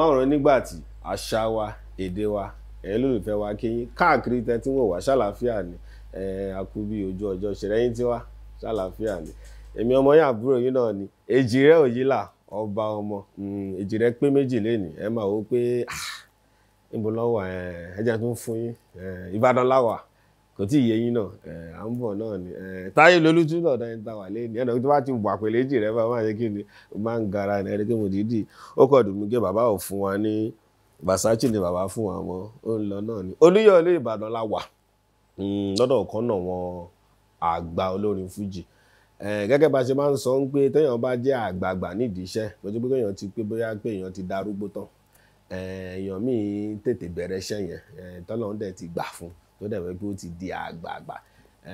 máwòrán nígbà tí àṣà wa èdè wa ẹ̀ lólùfẹ́ wa kéyìn káàkiri tẹ́tí wò wá ṣàlàáfíà ni àkúbí ojú ọjọ́ ṣẹlẹ́yìn tiwa ṣàlàáfíà ni èmi ọmọ yín àbúrò yín náà ni èjì rẹ òyìnlá ọba ọmọ hmm, èjì rẹ pé méjì lénìí ẹ máa wò ó pé ah, níbo lọ́wọ́ ẹ ẹ jẹ́ tó ń fún yín Ìbàdàn láwàá kò tí ì yé yín náà ẹ à ń bọ̀ náà ni ẹ táyé lolútú náà dání ta wà lé ní ẹnà tó bá ti wà pèléjì rẹ bá máa ṣe kí ni máa ń gara ní ẹni pé mo dìídì ó kọ̀ dùn gé bàbá ò fún wa ní Versace ni bàbá fún wa mọ́ ó ń lọ náà ni Olúyọ̀lé Ìbàdàn la wà hmm, lọ́dọ̀ kan náà wọn àgbà olórin Fuji gẹ́gẹ́ bá ṣe máa ń sọ ń pé téèyàn bá jẹ́ àgbààgbà nídìí iṣẹ́ lójú pé kéèyàn ti pé bóyá pé èèyàn ti darúgbó tán èèyàn míì tètè bẹ̀rẹ̀ iṣẹ́ yẹn tọ́lọ́run dẹ̀ ti gbà fún un tó dẹ̀ wẹ́ pé ó ti di àgbààgbà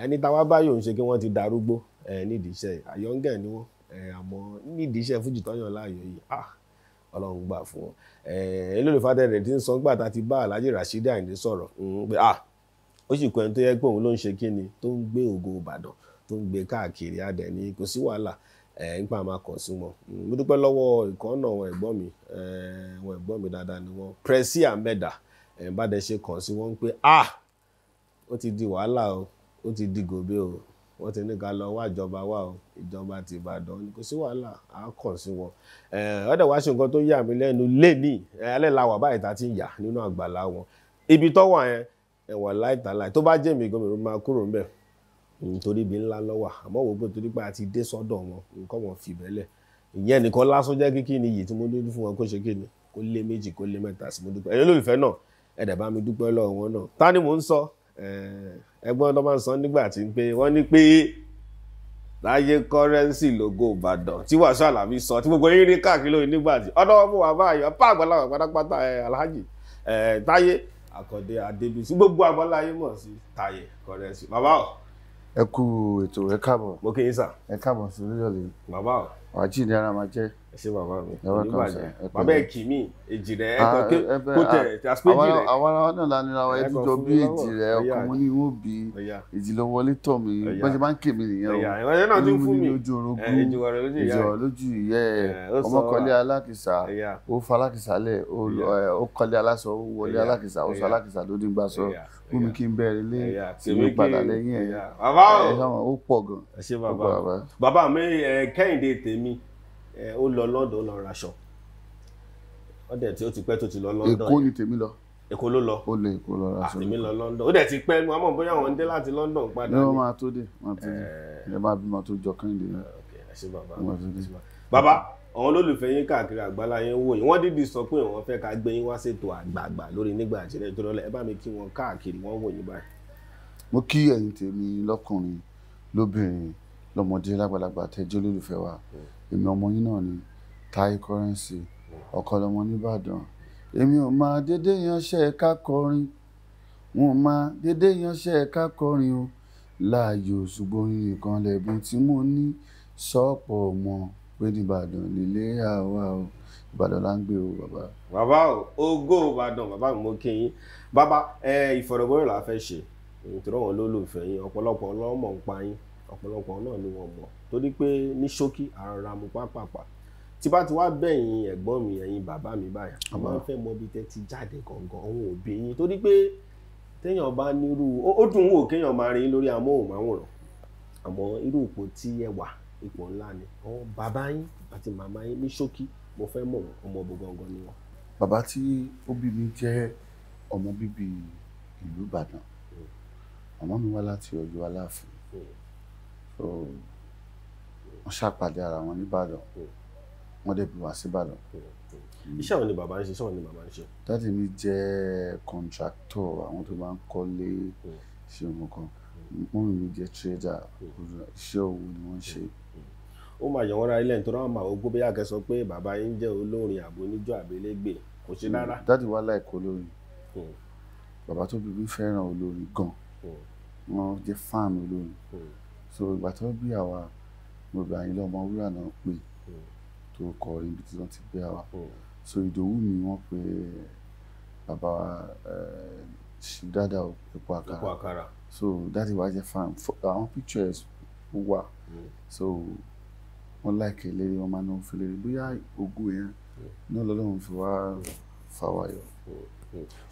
ẹni táwa báyò ń ṣe kí wọ́n ti darúgbó nídìí iṣẹ́ àyọ̀ǹgẹ̀ ni wọ́n àmọ́ nídìí iṣẹ́ fújì tọ́yàn láàyò yìí ọlọ́run gbà fún wọn elóòlù fàtẹ́rẹ̀ tí ń sọ gbà tá a ti bá Alhaji Rasheed Ayinde sọ̀rọ̀ pé ó sì kọ́ ẹni tó yẹ pé òun ló ń ṣe kí ni tó ń gbé ògo Ìbàdàn tó ń gbé káàkiri adẹ̀ ni kò sí wàhálà nípa máa kàn sí wọn mo dúpẹ́ lọ́wọ́ ìkọ́nà àwọn ẹ̀gbọ́n mi àwọn ẹ̀gbọ́n mi dáadáa ni wọ́n Pressy Ameda bá dẹ̀ ṣe kàn sí wọn pé ah ó ti di wàhálà o ó ti di gòbé o wọ́n ti ní ká lọ wá ìjọba wa o ìjọba ti Ìbàdàn kò sí wàhálà à ń kàn sí wọn. ọ̀dọ̀ wá ṣe nǹkan tó yà mí lẹ́nu lẹ́ni alẹ́ la wà báyìí ta ti ń yà nínú àgbàlá wọn ibi tó wà yẹn ẹ̀wọ̀n láìtàláì tó bá jẹ́ mi gan mi ló máa kúrò ńbẹ̀ nítorí ibi ńlá lọ́wà àmọ́ wò pé torí pé a ti dé sọ́dọ̀ wọn nǹkan wọn fi bẹ́lẹ̀ ìyẹn nìkan lásán jẹ́ kí kíni yìí tí mo dé fún wọn kó ṣe kíni kó lé méjì kó lé mẹ́ta sí mo dúpẹ́ ẹ̀yin olólùfẹ́ náà ẹ̀dẹ̀ bá mi dúpẹ́ lọ́wọ́ wọn náà ta ni mò ń sọ ẹgbọn ọdọ máa ń san nígbà tí ń pé wọ́n ní pé láyé kọ́rẹ́nsì lógo ìbàdàn tí wàásù sọ tí gbogbo yín rí káàkiri lóyún nígbà tí ọdọ wọn fún wa alhaji táyé adébísí gbogbo àgbàláyé mọ̀ sí táyé bàbá o. ẹ kú ètò ẹ káàbọ̀ mo sà. ẹ káàbọ̀ sí bàbá o. ṣe bàbá mi oníbàjẹ́ bàbá ẹ kì mí èjì rẹ ah, kó tẹ àspéjì rẹ. àwọn ará náà la nira wa ẹtú jọ bí èjì rẹ ọkọ mo ní ìwọ bí èjì ló wọlé tọ̀ mí bá ṣe bá ń ké mi nìyẹn o inú mi ní ojú orogún ìjọ lójú ìyẹ ọmọkọlé alákìsà ó fa alákìsà lẹ ó kọlé aláṣọ ó wọlé alákìsà ó sọ alákìsà lódì gbà sọ fún mi kí n bẹ̀rẹ̀ lé tèmi padà lẹ́yìn ẹ̀ ó pọ̀ gan. bàbá mi kẹ́hìndé tèmi ó lọ London ó lọ raṣọ wọ́n dẹ̀ tí ó ti pẹ́ tó ti lọ London. Èkó ni tèmi lọ. Èkó ló lọ. ó lè Èkó lọ raṣọ. Ah, àtèmi lọ London ó dẹ̀ ti pẹ́ mu àmọ́ bóyá wọ́n ń dé láti London padà ní. ní wọ́n máa tó dé eh. ah, máa tó dé ẹ bá bí tó jọ kẹ́hìndé. bàbá àwọn olólùfẹ́ yín káàkiri àgbàlá yín wò yín wọ́n dídì sọ pé wọ́n fẹ́ ká gbé yín wá ṣètò àgbààgbà lórí nígbà àjẹrẹ́ tó lọ́lẹ̀ ẹ bá mi kí wọn káàkiri wọ́n wò yín báyìí. mo kí ẹ̀yin tèmi lọ́kùnrin lóbìnrin lọ́mọdé lágbàlagbà tẹ́jọ́ olólùfẹ́ wa. Hmm èmi ọmọ yín náà ni táyé currency ọ̀kọ̀lọ́mọ nìbàdàn èmi ò máa dédé yanṣẹ́ ẹ̀ka kọrin wọn máa dédé yanṣẹ́ ẹ̀ka kọrin o láàyò ṣùgbọ́n nìkan lẹ́bùn tí mo ní sọ́ọ̀pọ̀ ọmọ pé nìbàdàn nílé àwa o ìbàdàn là ń gbé o bàbá. bàbá o ògo ìbàdàn bàbá mi mo kí yín bàbá ẹ ìfọ̀rọ̀wérọ̀ la fẹ́ ṣe nítorí wọn lólùfẹ́ yín ọ̀pọ̀lọpọ̀ ló mọ̀ ń pa yín ọ̀pọ̀lọpọ̀ náà ni wọ́n mọ̀ torí pé ní ṣókí àrọ̀rà mú pápápá tí bá ti wá bẹ̀yìn ẹ̀gbọ́n mi ẹ̀yin bàbá mi báyà a máa ń fẹ́ mọ ibi tẹ́ ti jáde gangan àwọn òbí yín torí pé téèyàn bá nírú ó dùn wò kéèyàn máa rin lórí amóhùnmáwòrán àmọ́ irú ipò tí ẹ wà ipò ńlá ni àwọn bàbá yín àti màmá yín ní ṣókí mo fẹ́ mọ̀ ọmọ ọbọ gangan ni wọn. bàbá tí ó bí mi jẹ́ ọmọ bíbí ìlú Ìbàdàn hmm. màmá mi wá láti Ọ̀yọ́ Aláàfin hmm. so wọ́n ṣàpàdé ara wọn nìbàdàn wọ́n dẹ̀ bí wá síbàdàn. Mm. iṣẹ́ àwọn ni bàbá ń ṣe iṣẹ́ àwọn ni bàbá ń ṣe. dáàdi mi jẹ́ kọ̀ǹtráktọ̀ àwọn tó máa ń kọ́lé ṣe ohun kan mọ́mí mi jẹ́ tírẹ́dà mm. iṣẹ́ òun ni wọ́n ṣe. Mm. ó máa yọ̀ wọ́n ra ilé nítorí àwọn àwọn ogbó bóyá kẹsàn pé bàbá yín jẹ́ olórin àbò oníjó àbélégbè kò ṣe rárá. dáàdi wa láì kó olórin bàbá tó bí mi fẹ́ràn olórin gan-an wọ́n jẹ́ fáàmì olórin so ìgbà tó bí àwa gbogbo àyìnlá ọmọwúrà náà pè tó kọrin ibi tí wọ́n ti gbé wa hmm. so ìdòwú mi wọ́n pe bàbá ṣìdádà eh, epo àkàrà so dáàdi wa jẹ́ fan àwọn pictures wà hmm. so wọ́n like lérí wọ́n máa ń fi lérí bóyá ogún yẹn hmm. náà lọ́lọ́run fi wá fà wáyọ̀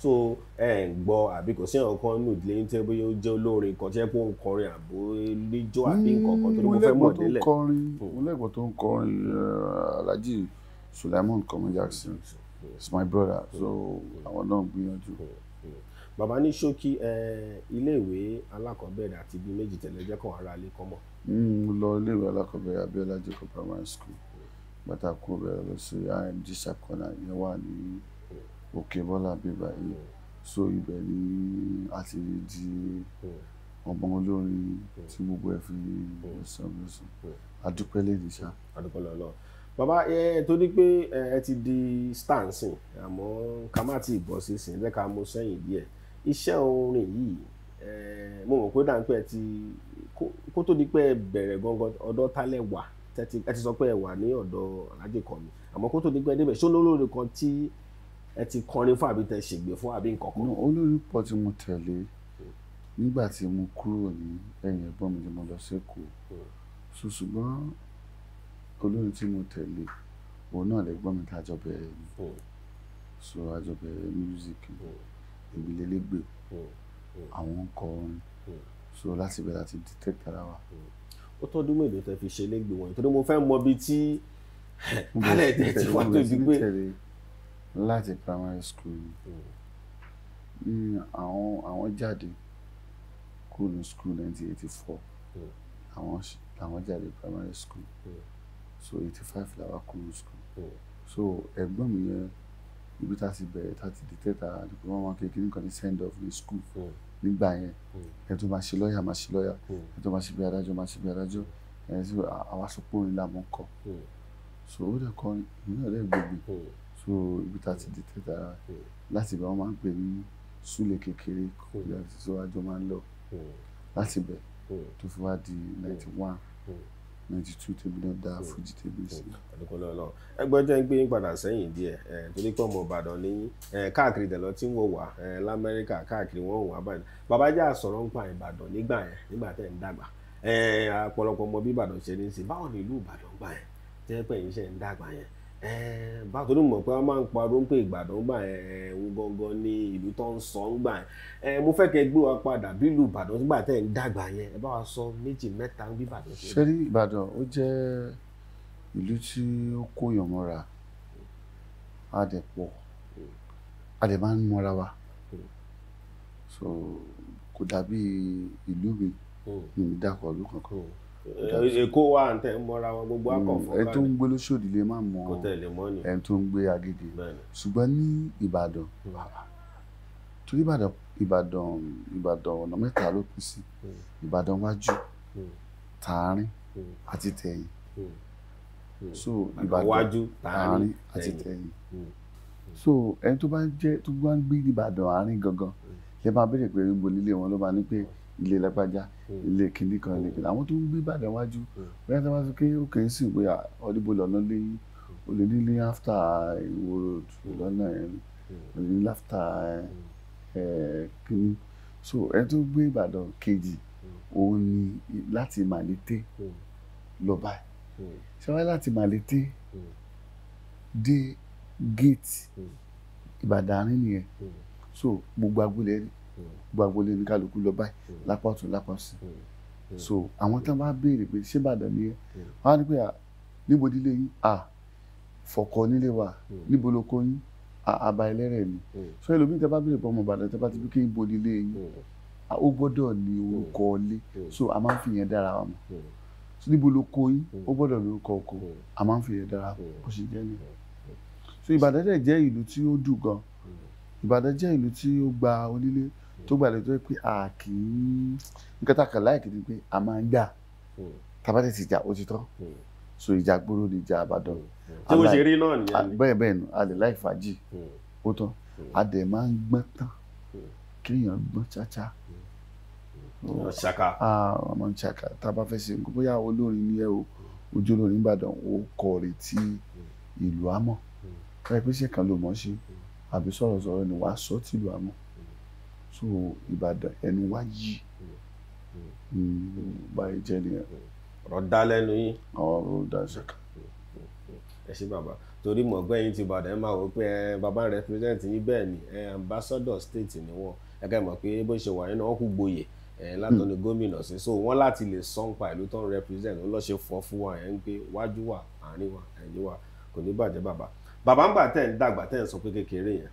so ẹ ń gbọ́ àbí kò sí ọ̀kan nínú ìdílé yín tẹ́ bóyá ó jẹ́ olórin kan jẹ́ pé ó ń kọrin àbó níjó àbí nǹkan kan tó ní mo fẹ́ mọ̀ délẹ̀. Hmm, hmm. mo lẹ́gbọ̀n tó ń kọrin uh, Alhaji Sulaiman Komo Jackson it's hmm. my brother so àwọn náà gbìyànjú. bàbá ní ṣókí iléèwé alákọ̀ọ́bẹ̀rẹ̀ àti ibi méjì tẹ̀lé jẹ́ kàn ara alẹ́ kọ́mọ̀. mo lọ iléèwé alákọ̀ọ́bẹ̀rẹ̀ Abiola Jacob primary school bàtà kúrò bẹ̀rẹ̀ lọ sí IMG sakona ìyẹn wà ní Òkèbọ́lá bíbá yìí hmm. so ibẹ̀ ni a ti di hmm. ọmọ olórin hmm. tí gbogbo ẹ̀ fi sàn lọ́sàn adúpẹ́ lèdè ṣá. adúpẹ́ lọ́lọ́ bàbá ẹ torí pé ẹ ti di star nsìn àmọ́ ká má ti bọ̀ sí sìn lẹ́ka mo sẹ́yìn díẹ̀ iṣẹ́ orin yìí mo mọ̀ pé dáńpẹ́ ti kó tó di pé ẹ bẹ̀rẹ̀ gangan ọ̀dọ́ tálẹ̀ wà ẹ ti sọ pé ẹ wà ní ọ̀dọ̀ alájẹkọ̀ mi àmọ́ kó tó di pé ẹ débẹ̀ ṣó lólórí kan tí ẹ ti kọrin fún àbí tẹ ṣègbè fún àbí nǹkan kan. olórí pọ̀ tí mo tẹ̀lé nígbà tí mo kúrò ní ẹ̀yìn ẹ̀gbọ́n mi tí mo lọ sẹ́kọ̀ọ́ so ṣùgbọ́n tí mo tẹ̀lé òun náà lẹ́gbọ́n mi tá a jọ so a jọ music ìgbìlélégbè àwọn ń kọ orin so láti bẹ̀rẹ̀ àti detect ara wa. ó tọ́dún mélòó tẹ fi ṣe lẹ́gbẹ̀ẹ́ wọn nítorí mo fẹ́ mọ ibi tí alẹ́ tẹ ti wá tóbi pé láti primary school hmm. ni àwọn àwọn jáde kúrò ní school nineteen eighty four hmm. àwọn àwọn jáde primary school hmm. so eighty five làwọn kúrò ní school so ẹ̀gbọ́n mi yẹn ibi tá a ti bẹ̀rẹ̀ tá a ti di tẹ́ta àdìpọ̀ wọn máa kékeré nǹkan ní send off ní school nígbà yẹn ẹ tó máa ṣe lọ́ọ̀yà máa ṣe lọ́ọ̀yà ẹ tó máa ṣe bí adájọ́ máa ṣe bí adájọ́ ẹ ti àwa sọ pé òun làwọn kọ so ó dẹ̀ kọ́ ìmúlẹ̀ rẹ̀ gbogbo so ibi tá a ti di tẹ́tà láti bẹ wọ́n máa ń pè ní kekere kékeré hmm. ti so àjọ máa ń lọ hmm. láti bẹ hmm. tó fi wá di ninety one ninety two tèmi náà dá fújì tèmi sí. ẹgbẹ́ jẹ́ ń gbé padà sẹ́yìn díẹ̀ torí pé ọmọ Ìbàdàn ní káàkiri tí yẹn nígbà tẹ̀ ń dàgbà ọ̀pọ̀lọpọ̀ ọmọ ṣe ní Eh, bákan náà mọ̀ pé wọ́n máa ń parọ́ ń pè ìgbàdàn gbà ẹ̀hún eh, gangan ní ìlú tó ń sọ ń gbà ẹ̀ eh, mo fẹ́ padà bí ìlú ìbàdàn nígbà ń yẹn ẹ sọ méjì mẹ́ta bí ṣe. ìbàdàn ó tí ó kó wa kò dàbí ìlú mi hmm. ní ìdákọ̀ọ́lù kankan. Hmm. èkó wa àǹtẹ̀ ń mọ́ra wọn gbogbo akọ̀fọ́ hmm, ẹni tó ń gbé lóṣòdì lè má mọ ẹni tó ń gbé agége ṣùgbọ́n ní ìbàdàn hmm. torí ìbàdàn ìbàdàn ìbàdàn ọ̀nà mẹ́ta ló pín sí hmm. ìbàdàn wájú tààrin àti tẹ̀yìn so ìbàdàn wájú tààrin àti tẹ̀yìn so ẹni tó bá ń jẹ́ tó bá ń gbé ìbàdàn àárín gangan lè máa béèrè pé níbo nílé wọn ló máa ní pé ilé lágbájá hmm. ilé kìnnì kan ilé kìnnì àwọn tó ń gbé ìbàdàn wájú hmm. bóyá tí wọ́n ti ké òkè ń sìn bóyá ọdíbò lọ́nà lé hmm. olè nílé after Ìwó road lọ́nà olè nílé after eh, kìnnì so ẹ tó gbé ìbàdàn kejì òun ni láti màlété lọ ṣé wáyé láti màlété dé gate ìbàdàn nìyẹn so gbogbo agbolẹ̀ gbogbo agboolé ní kálukú lọ báyìí hmm. lápá ọ̀tún lápá òsì hmm. Hmm. so àwọn tí wọn bá béèrè pé ṣé bàdàn ni ẹ wọn á ní pé níbo dílé yín à fọkọ nílé wa níbo ló kó yín àbá ẹlẹ́rẹ̀ ni so ẹlòmíì tí wọn bá béèrè pé ọmọ Ìbàdàn tí wọn bá ti bí kí n bo nílé yín ó gbọ́dọ̀ ní orúkọ ilé so a máa ń fi yẹn dára wa mọ̀ níbo ló kó yín ó gbọ́dọ̀ ní orúkọ oko a máa ń fi yẹn dára ó sì jẹ́ ni so Ìbàdàn dẹ̀ jẹ́ ìlú tí ó dùn gan Ìbàdàn jẹ́ ìlú tí ó gba onílé tó gbàlejò tó yẹ pé a kì í nǹkan tá a kàn láìkì ni pé a máa ń gbà hmm. tàbá tẹ̀ sí ìjà ó ti tọ́ hmm. so ìjà gbòòrò ni ìjà àbádọ́n. Hmm. tí mo ṣe rí náà nìyẹn. bẹ́ẹ̀ bẹ́ẹ̀ nù a lè láì fàájì ó tán a dẹ̀ máa ń gbọ́n tán kéèyàn gbọ́n ṣáṣá. ṣaka. ọmọ ṣaka tá a bá fẹ́ ṣe nǹkan bóyá olórin ni ẹ o ojú olórin Ìbàdàn ó kọ retí ìlú àmọ́ ẹ pé ṣé kan ló mọ̀ ṣe àbí sọ̀rọ̀sọ̀rọ̀ ni wàá sọ tìlú àmọ́ so ìbàdàn ẹnu wa yí hmm. báyìí jẹ́ nìyẹn. Hmm. ọ̀rọ̀ dá lẹ́nu yín. ọ̀rọ̀ dá sẹ́kà. Hmm. ẹ ṣé bàbá torí mọ̀gbẹ́ yín ti bàdàn ẹ máa wò pé bàbá represent yín bẹ́ẹ̀ ni ambassador state ni wọ́n ẹ̀ka ìmọ̀ pé bó ṣe wà nínú wọn kú gboyè látọ̀nù gómìnà sí so wọ́n láti lè sọ́npa ìlú tó ń represent ó lọ́ ṣe fọ́ fún wa ẹ̀ ń pé wájú wa àárín wa ẹ̀yìn wa kò ní bàjẹ́ bàbá bàbá ń gbà tẹ̀ ń dàgbà tẹ̀ ń sọ pé kékeré yẹn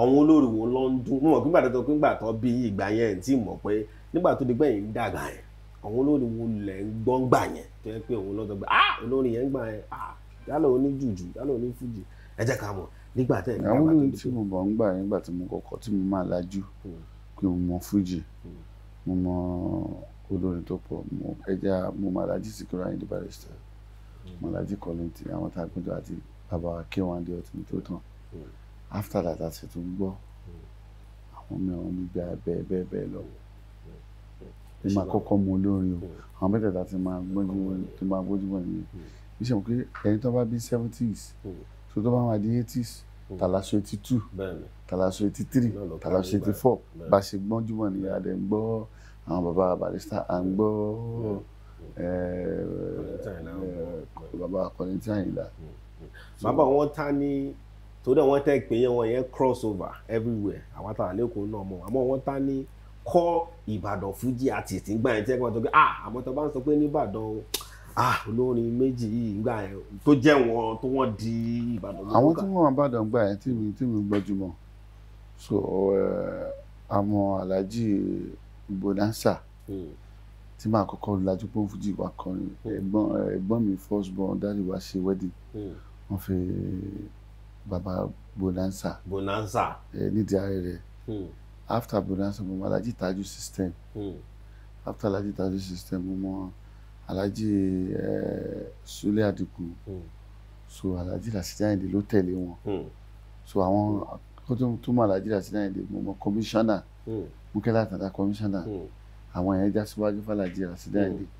àwọn olórí wo ló ń dún wọn nígbà tó nígbà tó bí ìgbà yẹn tí mọ̀ pé nígbà tó di pé yìí ń dàgbà yẹn àwọn olórí wo lẹ̀ ń gbọ́n gbà yẹn tó yẹ pé òun lọ́dọ̀ gbà ah olórí yẹn gbà yẹn ah yálà ó ní jùjù yálà ó ní fújì ẹ jẹ́ ká mọ̀ nígbà tẹ̀ nígbà tó di pé. àwọn olórí tí mo bọ̀ ń gbà yẹn nígbà tí mo kọ́kọ́ tí mo máa lajú hmm. pé mo mọ fújì hmm. mo mọ olórin tó pọ̀ mo ẹja mo máa lajú Síkírù Àyìndé after that a sì tún gbọ́ àwọn mìíràn ní gbà bẹ́ẹ̀ bẹ́ẹ̀ bẹ́ẹ̀ lọ ní ma kọ́kọ́ mú olórin o àwọn mẹ́tẹ̀ẹ̀ta ti máa gbójú ti máa gbójú wọn yẹn bí sẹ́wọ̀n pé ẹni tó bá bí seventies tó tó bá wà di eighties tàlàsọ eighty two tàlàsọ eighty three tàlàsọ eighty four bá ṣe gbọ́njú wọn nìyẹn adé ń gbọ́ àwọn bàbá barista à ń gbọ́ eh, eh, bàbá Kollington Àyìnlá. bàbá wọn ta ni torí àwọn tẹ́ pé wọn yẹn cross over everywhere àwọn táwọn lẹ́kọ̀ọ́ náà mọ̀ àmọ́ wọ́n tá ní kọ́ ìbàdàn fújì àti ìtìgbà yẹn tẹ́ pọ́n tó pé ah àmọ́ tó bá ń sọ pé nìbàdàn ah olórin méjì yìí gbà yẹn tó jẹ́ wọn tó wọ́n di ìbàdàn lókà. àwọn tí wọn àbàdàn gbà yẹn tí mi tí mi gbọ́júmọ̀ so eh, àmọ́ alhaji bonanza hmm. tí màá kọ́kọ́ lajú pé fújì wà kọrin hmm. eh, ẹ̀gbọ́n mi first born dáàdi wá ṣe wedding hmm. wọ́n fi. Mm baba bonanza. bonanza. ẹ nídìí ààrẹ rẹ. after bonanza mo mọ alhaji taju system. Hmm. after alhaji taju system mo mọ alhaji ẹ eh, sule adigun. Hmm. so alhaji rasidi ayinde ló tẹ̀lé wọn. Hmm. so àwọn kó tó tó mọ alhaji rasidi ayinde mo mọ komisanna. Hmm. mukela tata komisanna. Hmm. àwọn yẹn já síwájú fàlàjì rasidi ayinde. Hmm.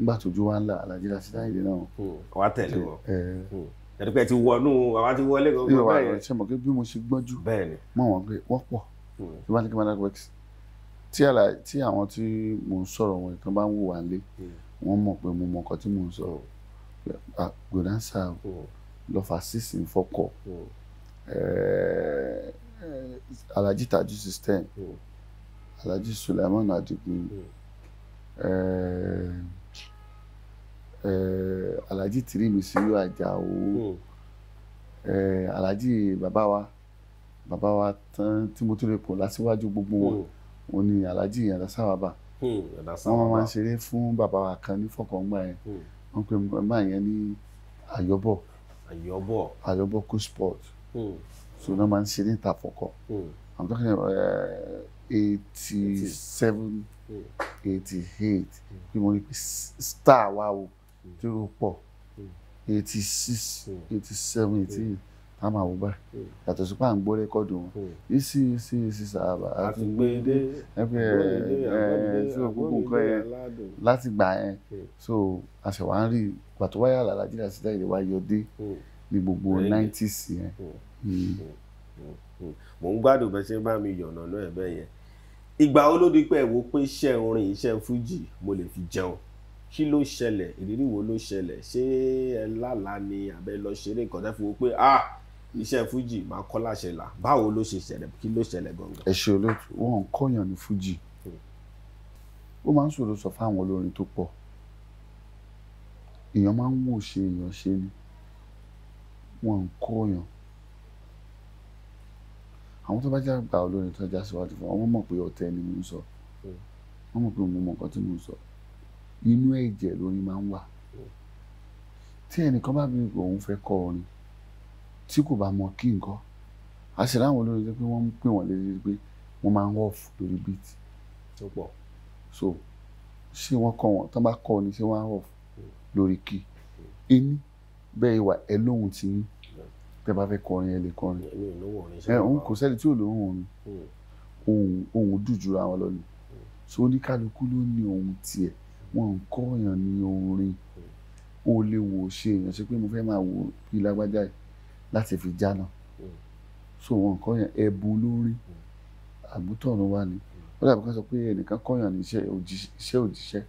nígbà tójú wa ń la alhaji rasidi ayinde náà. wàá tẹ̀lé wọn. Eh, ẹ̀dùpẹ́ ti wọnú àwọn ti wọlé gbogbo báyìí. ìwà àwọn ṣe mọ̀ pé bí mo ṣe gbọ́njú mọ̀ wọ́n pé wọ́n pọ̀ hmm. tí wọ́n ti kí wọ́n dákọ̀ wẹ́kì tí àwọn tí mò ń sọ̀rọ̀ wọn kan bá ń wò wá lé wọ́n mọ̀ pé mo mọ̀ nǹkan tí mò ń sọ̀rọ̀ gbọ̀dánsà lọ́fà sísì ń alhaji taju system hmm. alhaji suleiman adigun. Hmm. Eh, Eh, alhaji Tirimisiu Àjàó hmm. eh, alhaji bàbá wa bàbá wa tán tí mo tún lè pò lásìwájú gbogbo wọn wọn hmm. ni alhaji Àdàsá Wàbà wọn máa ń ṣeré fún bàbá wa kan ní fọkàngbà yẹn hmm. wọn pe màmá yẹn ní àyọbọ àyọbọ àyọbọ sport so náà máa ń ṣeré níta fọkọ i'm talking about eighty seven eighty eight bí mo rí star wa o. Wow tí ó pọ̀ eighty six hmm. eighty seven hmm. eighty eight a máa wò báyìí hmm. yàtọ̀ sí pàǹ gbọ́ rẹ́kọ́ọ̀dù wọn isi isi isi sàbà àti gbé ẹgbẹ́ e ẹ tí o gbogbo nǹkan yẹn láti gbà yẹn so a ṣẹ̀ wá ń rí pàtó wáyà àlàlà jíjà sí jáde wá yọ dé ní gbogbo nineties yẹn. mò ń gbádùn bẹ́ẹ̀ ṣe bá mi yànnà náà ẹ̀ bẹ́ẹ̀ yẹn ìgbà wo ló di pé ẹ̀ wò pé iṣẹ́ orin iṣẹ́ fújì mo lè fi jẹun kí ló ṣẹlẹ̀ ìrírí wo ló ṣẹlẹ̀ ṣé ẹ lálàá ni àbẹ lọ ṣeré nǹkan tẹ́ fi wo pé ah iṣẹ́ fuji, máa kọ́ láṣẹ là báwo ló ṣe ṣẹlẹ̀ kí ló ṣẹlẹ̀ gangan. ẹ ṣe olóòtú wọn kọyàn ní fújì ó máa ń ṣòro sọ fáwọn olórin tó pọ̀ èèyàn máa ń wò ṣe èèyàn ṣe ni wọn kọyàn àwọn tó bá já gba olórin tó já síwájú fún wọn mọ̀ pé ọ̀tẹ̀ ni mò ń sọ hmm. wọn mọ̀ pé mo mọ̀ nǹkan tí mò ń sọ inú ẹ̀jẹ̀ lórin máa ń wà tí ẹnìkan bá bí òun fẹ́ kọ orin tí kò bá mọ kí nǹkan a sì láwọn olórin tó pé wọ́n ń pè wọ́n lérí pé wọ́n máa ń off lórí beat tó pọ̀ so ṣé wọ́n kọ wọn tán bá kọ ni ṣé wọ́n á off lórí kí hmm. ení bẹ́ẹ̀ ìwà ẹ lóhun ti yín hmm. tẹ́ bá fẹ́ kọrin ẹ lè kọrin ẹ òun kò sẹ́ni tí ò lóhun òun òun òun dùn jura wọn lọ ni hmm. so oníkálukú ló ní ohun tiẹ̀ wọn ń kọ́ èèyàn ní orin ó lè wò ó ṣe èèyàn ṣe pé mo fẹ́ máa wò bí lágbájá yìí láti fi jáná so wọn ń kọ́ èèyàn lórí àbútọ̀run wa ni ó dàbí ká sọ pé ẹnìkan kọ́ èèyàn ní iṣẹ́ òjíṣẹ́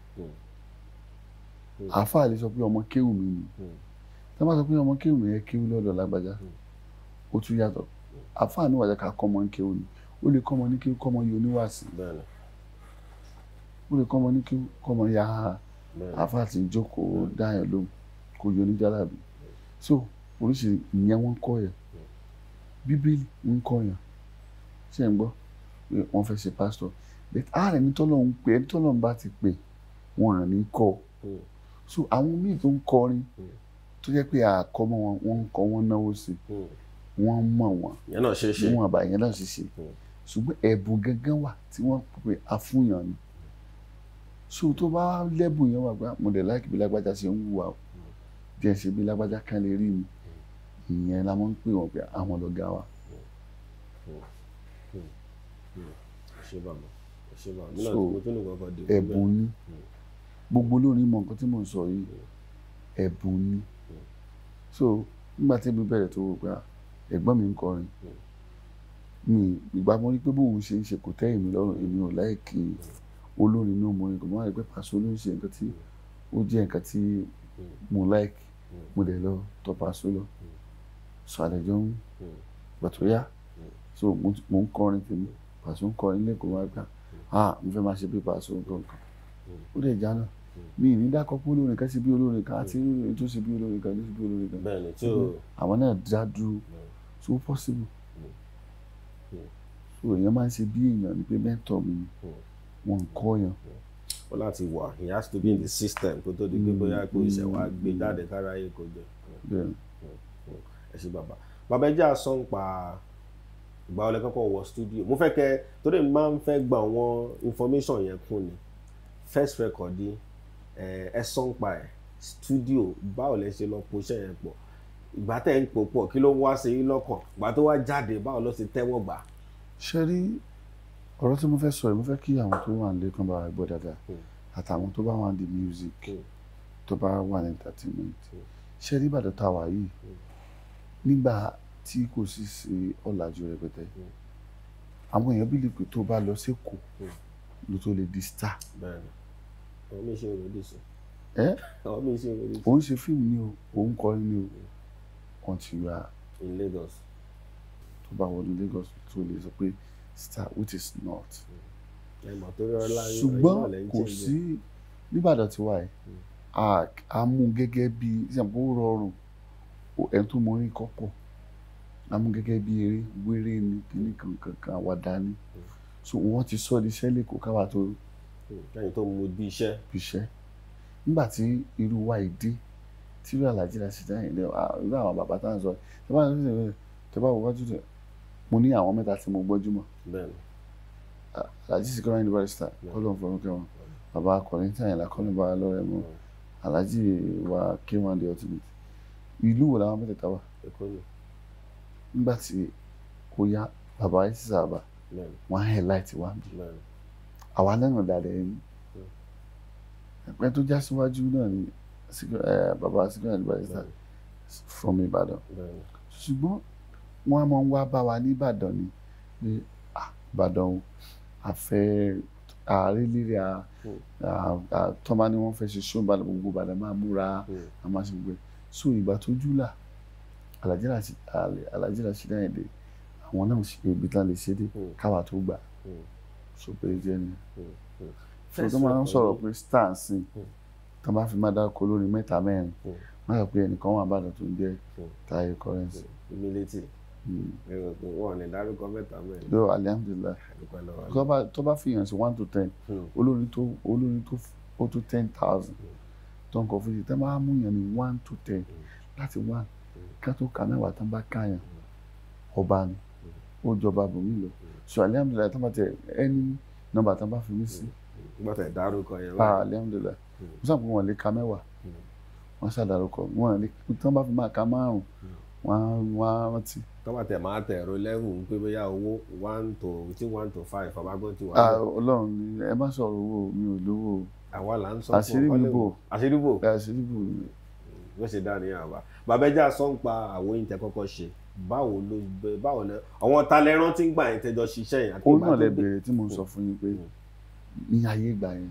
àáfàá lè sọ pé ọmọ kéwù mi ni tá a bá sọ pé ọmọ kéwù mi yẹn kéwù lọ́dọ̀ lágbájá ó tún yàtọ̀ àáfàá níwájà ká kọ́ ọmọ kéwù ni ó lè kọ́ ọmọ ní kéwù kọ́ ọmọ yìí oníwàásí ó lè kọ́mọ ní kí kọ́mọ ya àáfàá tí ń jókòó dáyàn lóhùn kó yọ oníjàlábì so oríṣi ìyẹn wọ́n kọ́ yẹn bíbélì ń kọ́ yẹn ṣé ń gbọ́ pé wọ́n fẹ́ ṣe pásítọ̀ but ààrẹ ní tọ́lọ̀ ń pè ẹni tọ́lọ̀ ń bá ti pè wọ́n à ní kọ́ hmm. so àwọn míì tó ń kọrin hmm. tó jẹ́ pé àkọ́mọ́ wọn wọ́n ń kọ́ wọ́n náwó sí hmm. wọ́n mọ̀ wọ́n yẹn náà ṣe ṣe wọ́n àbàyẹn náà ṣe ṣe ṣùgbọ́n ẹ̀bùn gangan wà tí wọ́n pè afúnyàn ni so tó bá lẹ́bùn yẹn wà gbá ah, mo dẹ̀ láìkí bí lágbájá ṣe ń wúwa o díẹ̀ ṣe bí lágbájá kan lè rí mi ìyẹn la máa ń pè wọ́n pé ah, àwọn lọ́gá wa. so ẹ̀bùn ni gbogbo lórí mọ nǹkan tí mò ń sọ yìí ẹ̀bùn ni so nígbà tí mi bẹ̀rẹ̀ tó wò pé ah, ẹ̀gbọ́n mi ń kọrin mi ìgbà mo rí pé bóun ṣe ń ṣe kò tẹ́ èmi lọ́rùn èmi ò láìkí. Yeah olórin ní ọmọ yẹn kò máa yẹ pé Paso ló ń ṣe nǹkan tí ó jẹ́ nǹkan tí mo like mo dẹ̀ lọ tọ Paso lọ sọ àdẹjọ́ ń gbàtọ́ yá so mo ń kọrin tèmi Paso ń kọrin lẹ́kọ̀ọ́ wá gbà ah mo fẹ́ máa ṣe bí Paso nǹkan kan ó dẹ̀ já náà mi ní dákọ́ pé olórin kan ṣe bí olórin kan àti olórin tó ṣe bí olórin kan tó ṣe bí olórin kan àwọn náà dá dúró so possible hmm. Hmm. so èèyàn máa ń ṣe bí èèyàn ni pé mẹ́tọ̀ mi ni. Hmm wọn kọ́ yẹn. ó láti wà he has to be in the system kó tó di pé hmm. bóyá kó ìṣẹ̀ hmm. wá gbé jáde kára yé kó jẹ. Hmm. ẹ ṣe bàbá bàbá ẹ jẹ́ àsán pa ìgbà ọlẹ́ kọ́kọ́ wọ studio mo fẹ́ kẹ́ torí mi máa ń fẹ́ gba àwọn information yẹn kún ni first record yìí ẹ sán pa ẹ studio báwo lẹ ṣe lọ poṣẹ yẹn pọ̀ ìgbà tẹ ń pò pọ̀ kí ló ń wá sí yín lọ́kàn ìgbà tó wá jáde báwo ló ṣe tẹ́wọ́ gbà. ṣe rí ọ̀rọ̀ tí mo fẹ́ sọ yìí mo fẹ́ kí àwọn tó wà nílé kan bá wa gbọ́ dáadáa hmm. àtàwọn tó bá wà ní music hmm. tó bá wà ní entertainment hmm. ṣe rí ìbàdàn tá a wà yìí nígbà tí kò sì ṣe ọ̀làjú rẹpẹtẹ àwọn èèyàn bíi pé tó bá lọ sékòó ló tó lè di star. àwọn mi ṣe ìròyìn sí. ẹ àwọn mi ṣe ìròyìn sí. òun ṣe fíìmù ni o òun kọrin ni o until you are in Lagos tó bá wọ ní Lagos tó lè sọ pé. So star which is not ṣùgbọ́n kò sí nígbàdàn tí wà yìí hmm. a mú gẹ́gẹ́ bí ìsìnkú rọrùn ẹni tó mọ orin kọ́pọ̀ a gẹ́gẹ́ bí eré wéré ni kíní kankan kan àwàdà ni hmm. so wọ́n ti sọ ní iṣẹ́ lẹ́kọ̀ọ́ káwa tó. Hmm. kẹ́yìn tó mú bí iṣẹ́. bí iṣẹ́ nígbà tí irú wa yìí dé tí irú àlàjì rẹ̀ sì dáhìn lẹ́yìn irú àwọn bàbá tá à ń sọ tẹ́ bá wọ́n wájú rẹ̀ mo ní àwọn mẹ́ta tí mo gbọ́jú mọ́. Ah, alhaji Sikiru Ayinde Barrister kọ́lọ̀ fọlọ́kẹ́ wọn bàbá kọ̀rìntàn yẹn lakọ́ni bá lọ́rẹ́ mọ́ alhaji wa k1 the ultimate ìlú wo làwọn mẹ́tẹ̀ẹ̀ta wà nígbà tí kò yá bàbá yìí sábà wọn hẹ̀ láìtì wá bí àwa lẹ́nu dàdẹ́ ẹni ẹgbẹ́ tó já síwájú náà ni eh, bàbá Sikiru Ayinde Barrister from Ìbàdàn ṣùgbọ́n wọ́n á máa ń wá bá wa ní Ìbàdàn ni ìbàdàn àfẹ́ ààrẹ líle à tọ́mà ni wọ́n fẹ́ ṣe ṣó ìbàdàn gbogbo ìbàdàn máa múra a máa ṣe gbogbo ẹ̀ so ìgbà tó júlà alájí Rashidi Àyìndé àwọn náà ṣe ibi tán lè ṣe dé káwa tó gbà so pé jẹ́ ni so tó máa ń sọ̀rọ̀ pé star sí tó bá fi máa dáko lórí mẹ́ta mẹ́rin má sọ pé ẹnìkan wà bàdàn tó ń jẹ́ Táyé Currency. Hmm. wọn ò ní dárúkọ mẹ́ta mẹ́rin. yóò alihamudulila tó bá fi hàn sí one to ten hmm. olórin tó olórin tó ó tó ten thousand hmm. tó ń kọ fún ṣe tẹ́ máa mú yàn ní one to ten láti one ká tó kà mẹ́wàá tán bá ká yàn ọba ni ó jọba bòmí lọ so alihamudulila tó bá tẹ ẹni nọ́mbà tán bá fi mí sí. gbọ́dọ̀ ìdárúkọ yẹn wá. Ah, alihamudulila wọ́n sábà wọn lè ka mẹ́wàá wọ́n ṣàdárúkọ wọn lè tán bá fi máa ka márùn-ún wọ́n wọ́n rántí. tọ́ba tẹ̀ máa tẹ̀ ẹ̀rọ lẹ́rù ń pé bóyá owó one to tí one to five ọ̀bágbọ́n ti wà. Ah, ọlọ́run ni ẹ má sọ̀rọ̀ owó mi ò lówó. àwa là ń sọ fún ọ àṣírí bò bó ṣe dá nìyà wa bàbá ẹja sọ ń pa àwọn oyin tẹ kọ́kọ́ ṣe báwo ló báwo lẹ àwọn talẹ rántí ń gbà yẹn tẹjọ ṣiṣẹ́ yẹn. ó náà lẹ bẹ̀rẹ̀ tí mo sọ fún yín pé hmm. ní ayé ìgbà yẹn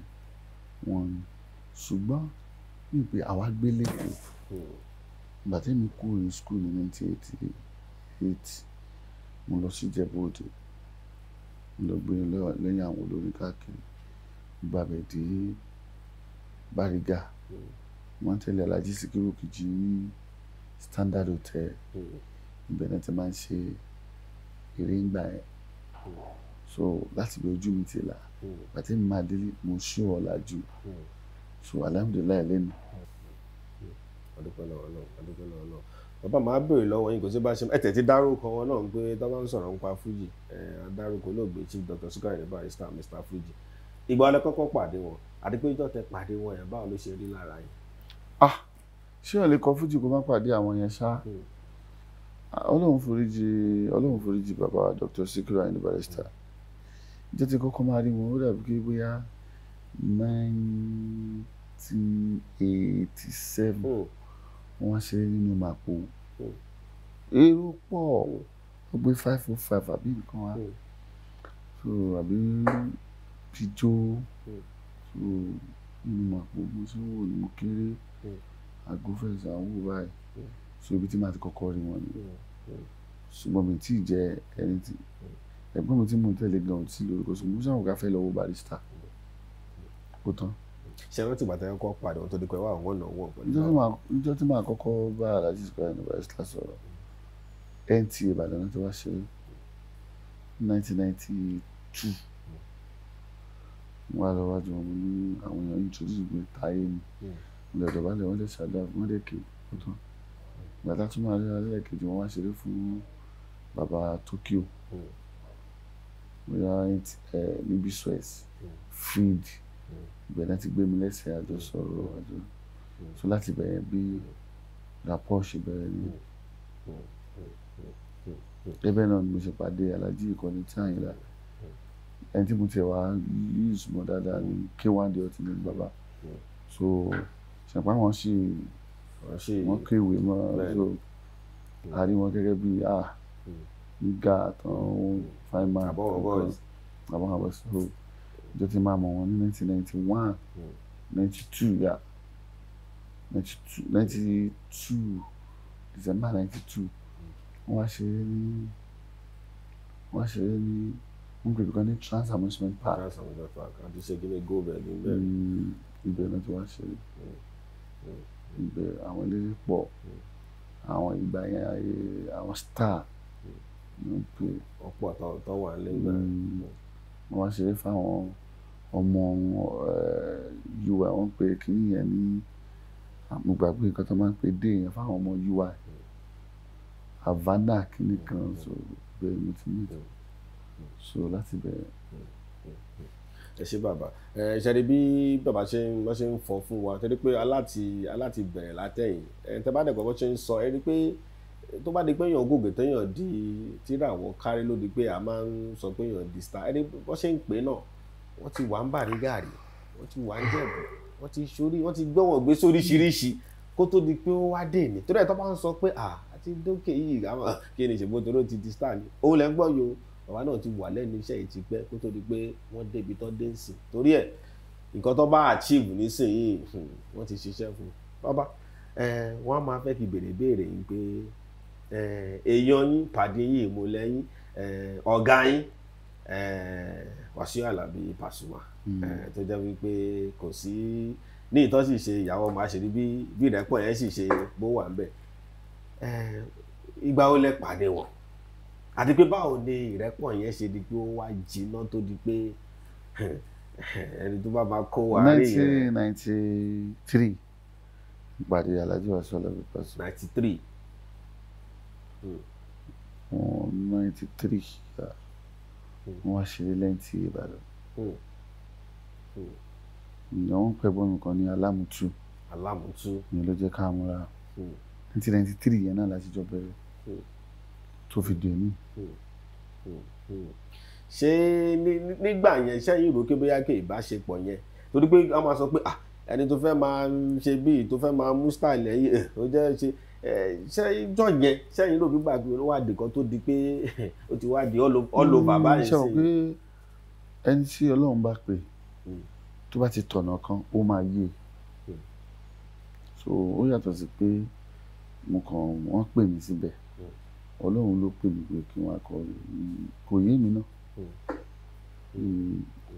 wọn ṣùgbọ́n gbàtẹ́ mi kúrò ní school ní nineteen eighty eight mo lọ sí Ìjẹ̀bú Òde mo lọ gbé lẹ́yìn àwọn olórin káàkiri gbàbẹ̀ dé Bariga wọ́n tẹ̀lé Alhaji Sikiru Kìjì ní Standard Hotel ibẹ̀ náà ti máa ń ṣe eré ńgbà yẹn so láti bí ojú mi ti là gbàtẹ́ mi máa délé mo ṣí ọ̀làjú so alhamdulilayi lẹ́nu adúpẹ́ lọ́wọ́ Ọlọ́run adúpẹ́ lọ́wọ́ Ọlọ́run bàbá màá béèrè lọ́wọ́ yín kò sí bá ṣe ẹ tẹ̀tí dárúkọ wọn náà ń gbé tọ́ba ń sọ̀rọ̀ nípa Fuji adárúkọ olóògbé chief dr Sukari Barrister Mr Fuji ìgbà ọlẹ kọ́kọ́ pàdé wọn àti pé ìjọ tẹ pàdé wọn yẹn báwo ló ṣe rí lára yín. ah ṣé ò lè kọ Fuji kó má pàdé àwọn yẹn ṣá hmm. ah, ọlọ́run foríjì ọlọ́run foríjì bàbá dr Sukari Barrister ìjọ tí kọ́kọ́ máa rí wọn ó dàbí pé bóyá nineteen eighty seven. Hmm wọ́n ṣe nínú màpò èrò pọ̀ ó gbé five oh five àbí nǹkan wa hmm. so àbí jíjó hmm. so nínú màpò mo ṣe wò ní mo kéré àgófẹ̀sà ń wò báyìí hmm. so ibi tí màá ti kọ́kọ́ rí wọn ni ṣùgbọ́n mi tí ì jẹ ẹni tí ẹ̀gbọ́n mi tí mo tẹ̀lé gan-an ti lórúkọ ṣùgbọ́n mo ṣàwọn ká fẹ́ lọ barista ó tán ṣe rántí ìgbà tẹ́wọ́ kọ́ padà òun tó di pé wà wọ́n náà wọ́n pẹ̀lú. níjọ́ tí màá kọ́kọ́ bá Alhaji Square University sọ̀rọ̀ NTA Ìbàdàn tó wá ṣeré 1992 wọ́n á lọ wájú wọn ní àwọn èèyàn introduce mi táyé mi wọ́n lè dọ̀bálẹ̀ wọ́n lè ṣàdá wọ́n lè ké kótó ìgbà tá a tún máa rí alẹ́ kejì wọ́n wá ṣeré fún bàbá Tokyo hmm. bóyá eh, níbi Suez Freed. Mm ìgbẹ̀dá ti gbé mi lẹ́sẹ̀ àjọ sọ̀rọ̀ àjọ so láti bẹ̀rẹ̀ bí rapport ṣe bẹ̀rẹ̀ ni ẹbẹ̀ náà ni mo ṣe pàdé alájí ìkọ́ni tí àyìnlá ẹni tí mo tiẹ̀ wá use mọ́ dáadáa ni k1 day ọtí ní bàbá so ṣàpá wọn sì wọn kéwé mọ́ so a rí wọn gẹ́gẹ́ bí ah nígbà hmm. tán fine man àbọ̀wọ̀ boys àbọ̀wọ̀ boys jẹ́ ti máa mọ̀ wọ́n ní nineteen ninety one hmm. ninety two yà ninety two ninety two december ninety two wọ́n wá ṣeré ní wọ́n wá ṣeré ní wọ́n gbé ibìkan ní trans amusement park. trans amusement park àti ṣègínlẹ̀ gómẹ̀ ní bẹ́ẹ̀. ibẹ̀ náà ti wá ṣeré hmm, hmm, ibẹ̀ àwọn eléré pọ̀ àwọn ìgbà yẹn àwọn star ló ń àtàwọn tó wà lẹ́gbẹ̀ẹ́. Eh, wọ́n wá ṣeré fáwọn ọmọ ui wọ́n pe kínní yẹn ní mo gbàgbé nǹkan tó máa ń pe dé yẹn fáwọn ọmọ ui havana kínní kan so bẹ́ẹ̀ mo ti ní ìtọ́ so láti bẹ̀rẹ̀ ẹ ṣe bàbá ẹ ṣẹlẹ bí bàbá ṣe ń bá ṣe ń fọ fún wa torí pé aláti aláti bẹ̀rẹ̀ látẹ̀yìn ẹ tẹ bá dẹ̀gbọ́ bó ṣe ń sọ ẹ pé tó bá di pé èèyàn gògè téèyàn di tíràwọ̀ kárí ló di pé a máa ń sọ pé èèyàn di star ẹni wọ́n ṣe ń pè náà wọ́n ti wà ń bà ní gàrí wọ́n ti wà ń jẹ̀bù wọ́n ti sórí wọ́n ti gbọ́wọ̀n gbé sóríṣiríṣi kó tó di pé ó wá dé ní torí ẹ̀ tó bá ń sọ pé àti dókè yìí àmọ́ kí ni ìṣègbè tó ló ti di star ni òun lẹ́ ń gbọ́ yo bàbá náà ti wà lẹ́nu iṣẹ́ yìí ti pẹ́ kó tó di pé wọ́n débi tó dé nsìn torí ẹ̀ èèyàn eh, yín pàdé yín èèmọ̀ lẹ́yìn eh, ọ̀gá yín eh, Wàsíù Àlàbí Pasuma hmm. tó jẹ́ wípé kò sí ní ìtọ́ sì ṣe ìyàwó ọmọ àṣírí bí bí ìrẹ́pọ̀ yẹn sì ṣe bó wà ń bẹ̀ ìgbà ó lẹ pàdé wọn àti pé báwo ni ìrẹ́pọ̀ yẹn ṣe di pé ó wá jìnnà tó di pé ẹni tó bá máa kó wa rí yẹn. nineteen ninety three ìpàdé Alhaji Wasiu Alabi wọn ninety three wọn wá ṣeré lẹ́yìn tí ìbàdàn ìyàn ń pẹ́ bọ́ọ̀mù kan ní alámùtú alámùtú ìyẹn ló jẹ́ ká múra nineteen hmm. ninety three yẹn náà láti jọ bẹ̀rẹ̀ hmm. tó fi dè mí. Hmm. ṣé nígbà yẹn sẹ́yìn rò kébéyà kí ìbáṣepọ̀ yẹn torí pé a máa sọ pé ah, ẹni tó fẹ́ máa ṣe bíi tó fẹ́ máa mú style ẹ̀yìn ó jẹ́ ṣe ṣé ìjọ yẹn sẹ́yìn ló fi gbàgbé ló wà dé kan tó di pé ó ti wá di all over báyìí sí. Hmm, ṣé o pé ẹni tí ọlọ́run bá pè hmm. tó bá ti tọ̀nà kan ó máa yé hmm. so ó yàtọ̀ sí pé mo kàn wọ́n pè mí síbẹ̀ ọlọ́run ló pè mí pé kí wọ́n akọ kò yé mi náà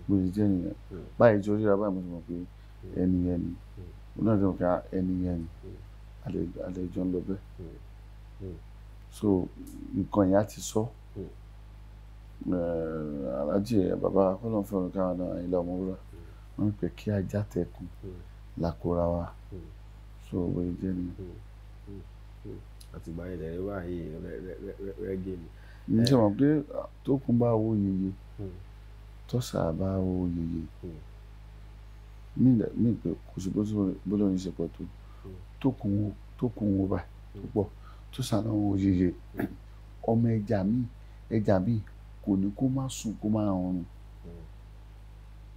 bó ṣe jẹ́ nìyẹn báyìí tí ó ríra báyìí mo ti mọ̀ pé ẹni yẹn ni mo náà ti mọ̀ pé ah, ẹni yẹn ni àlejò ń lọ bẹ́ẹ̀ hmm. Hmm. so nǹkan yẹn á ti sọ hmm. eh, aláàjì bàbá kọ́lọ́n fẹ́ràn káwọn náà ilé ọmọ wúrà wọ́n ń pè kí ajá tẹkùn làkúra wa so òwe jẹ́ ni. àtìgbà ilẹ̀ rẹ wà yìí rẹ́gẹ̀ ni. n ṣe eh. mọ̀ pé tókun bá wo yeye tọ́sà bá wo yeye mí pé kò sí bó lóyún ṣe pọ̀ tó tó kún wo tó kún wo bá tó pọ̀ tó sànà wọn òyeyè ọmọ ẹja míì ẹja míì kò ní kó má sùn kó má rọrùn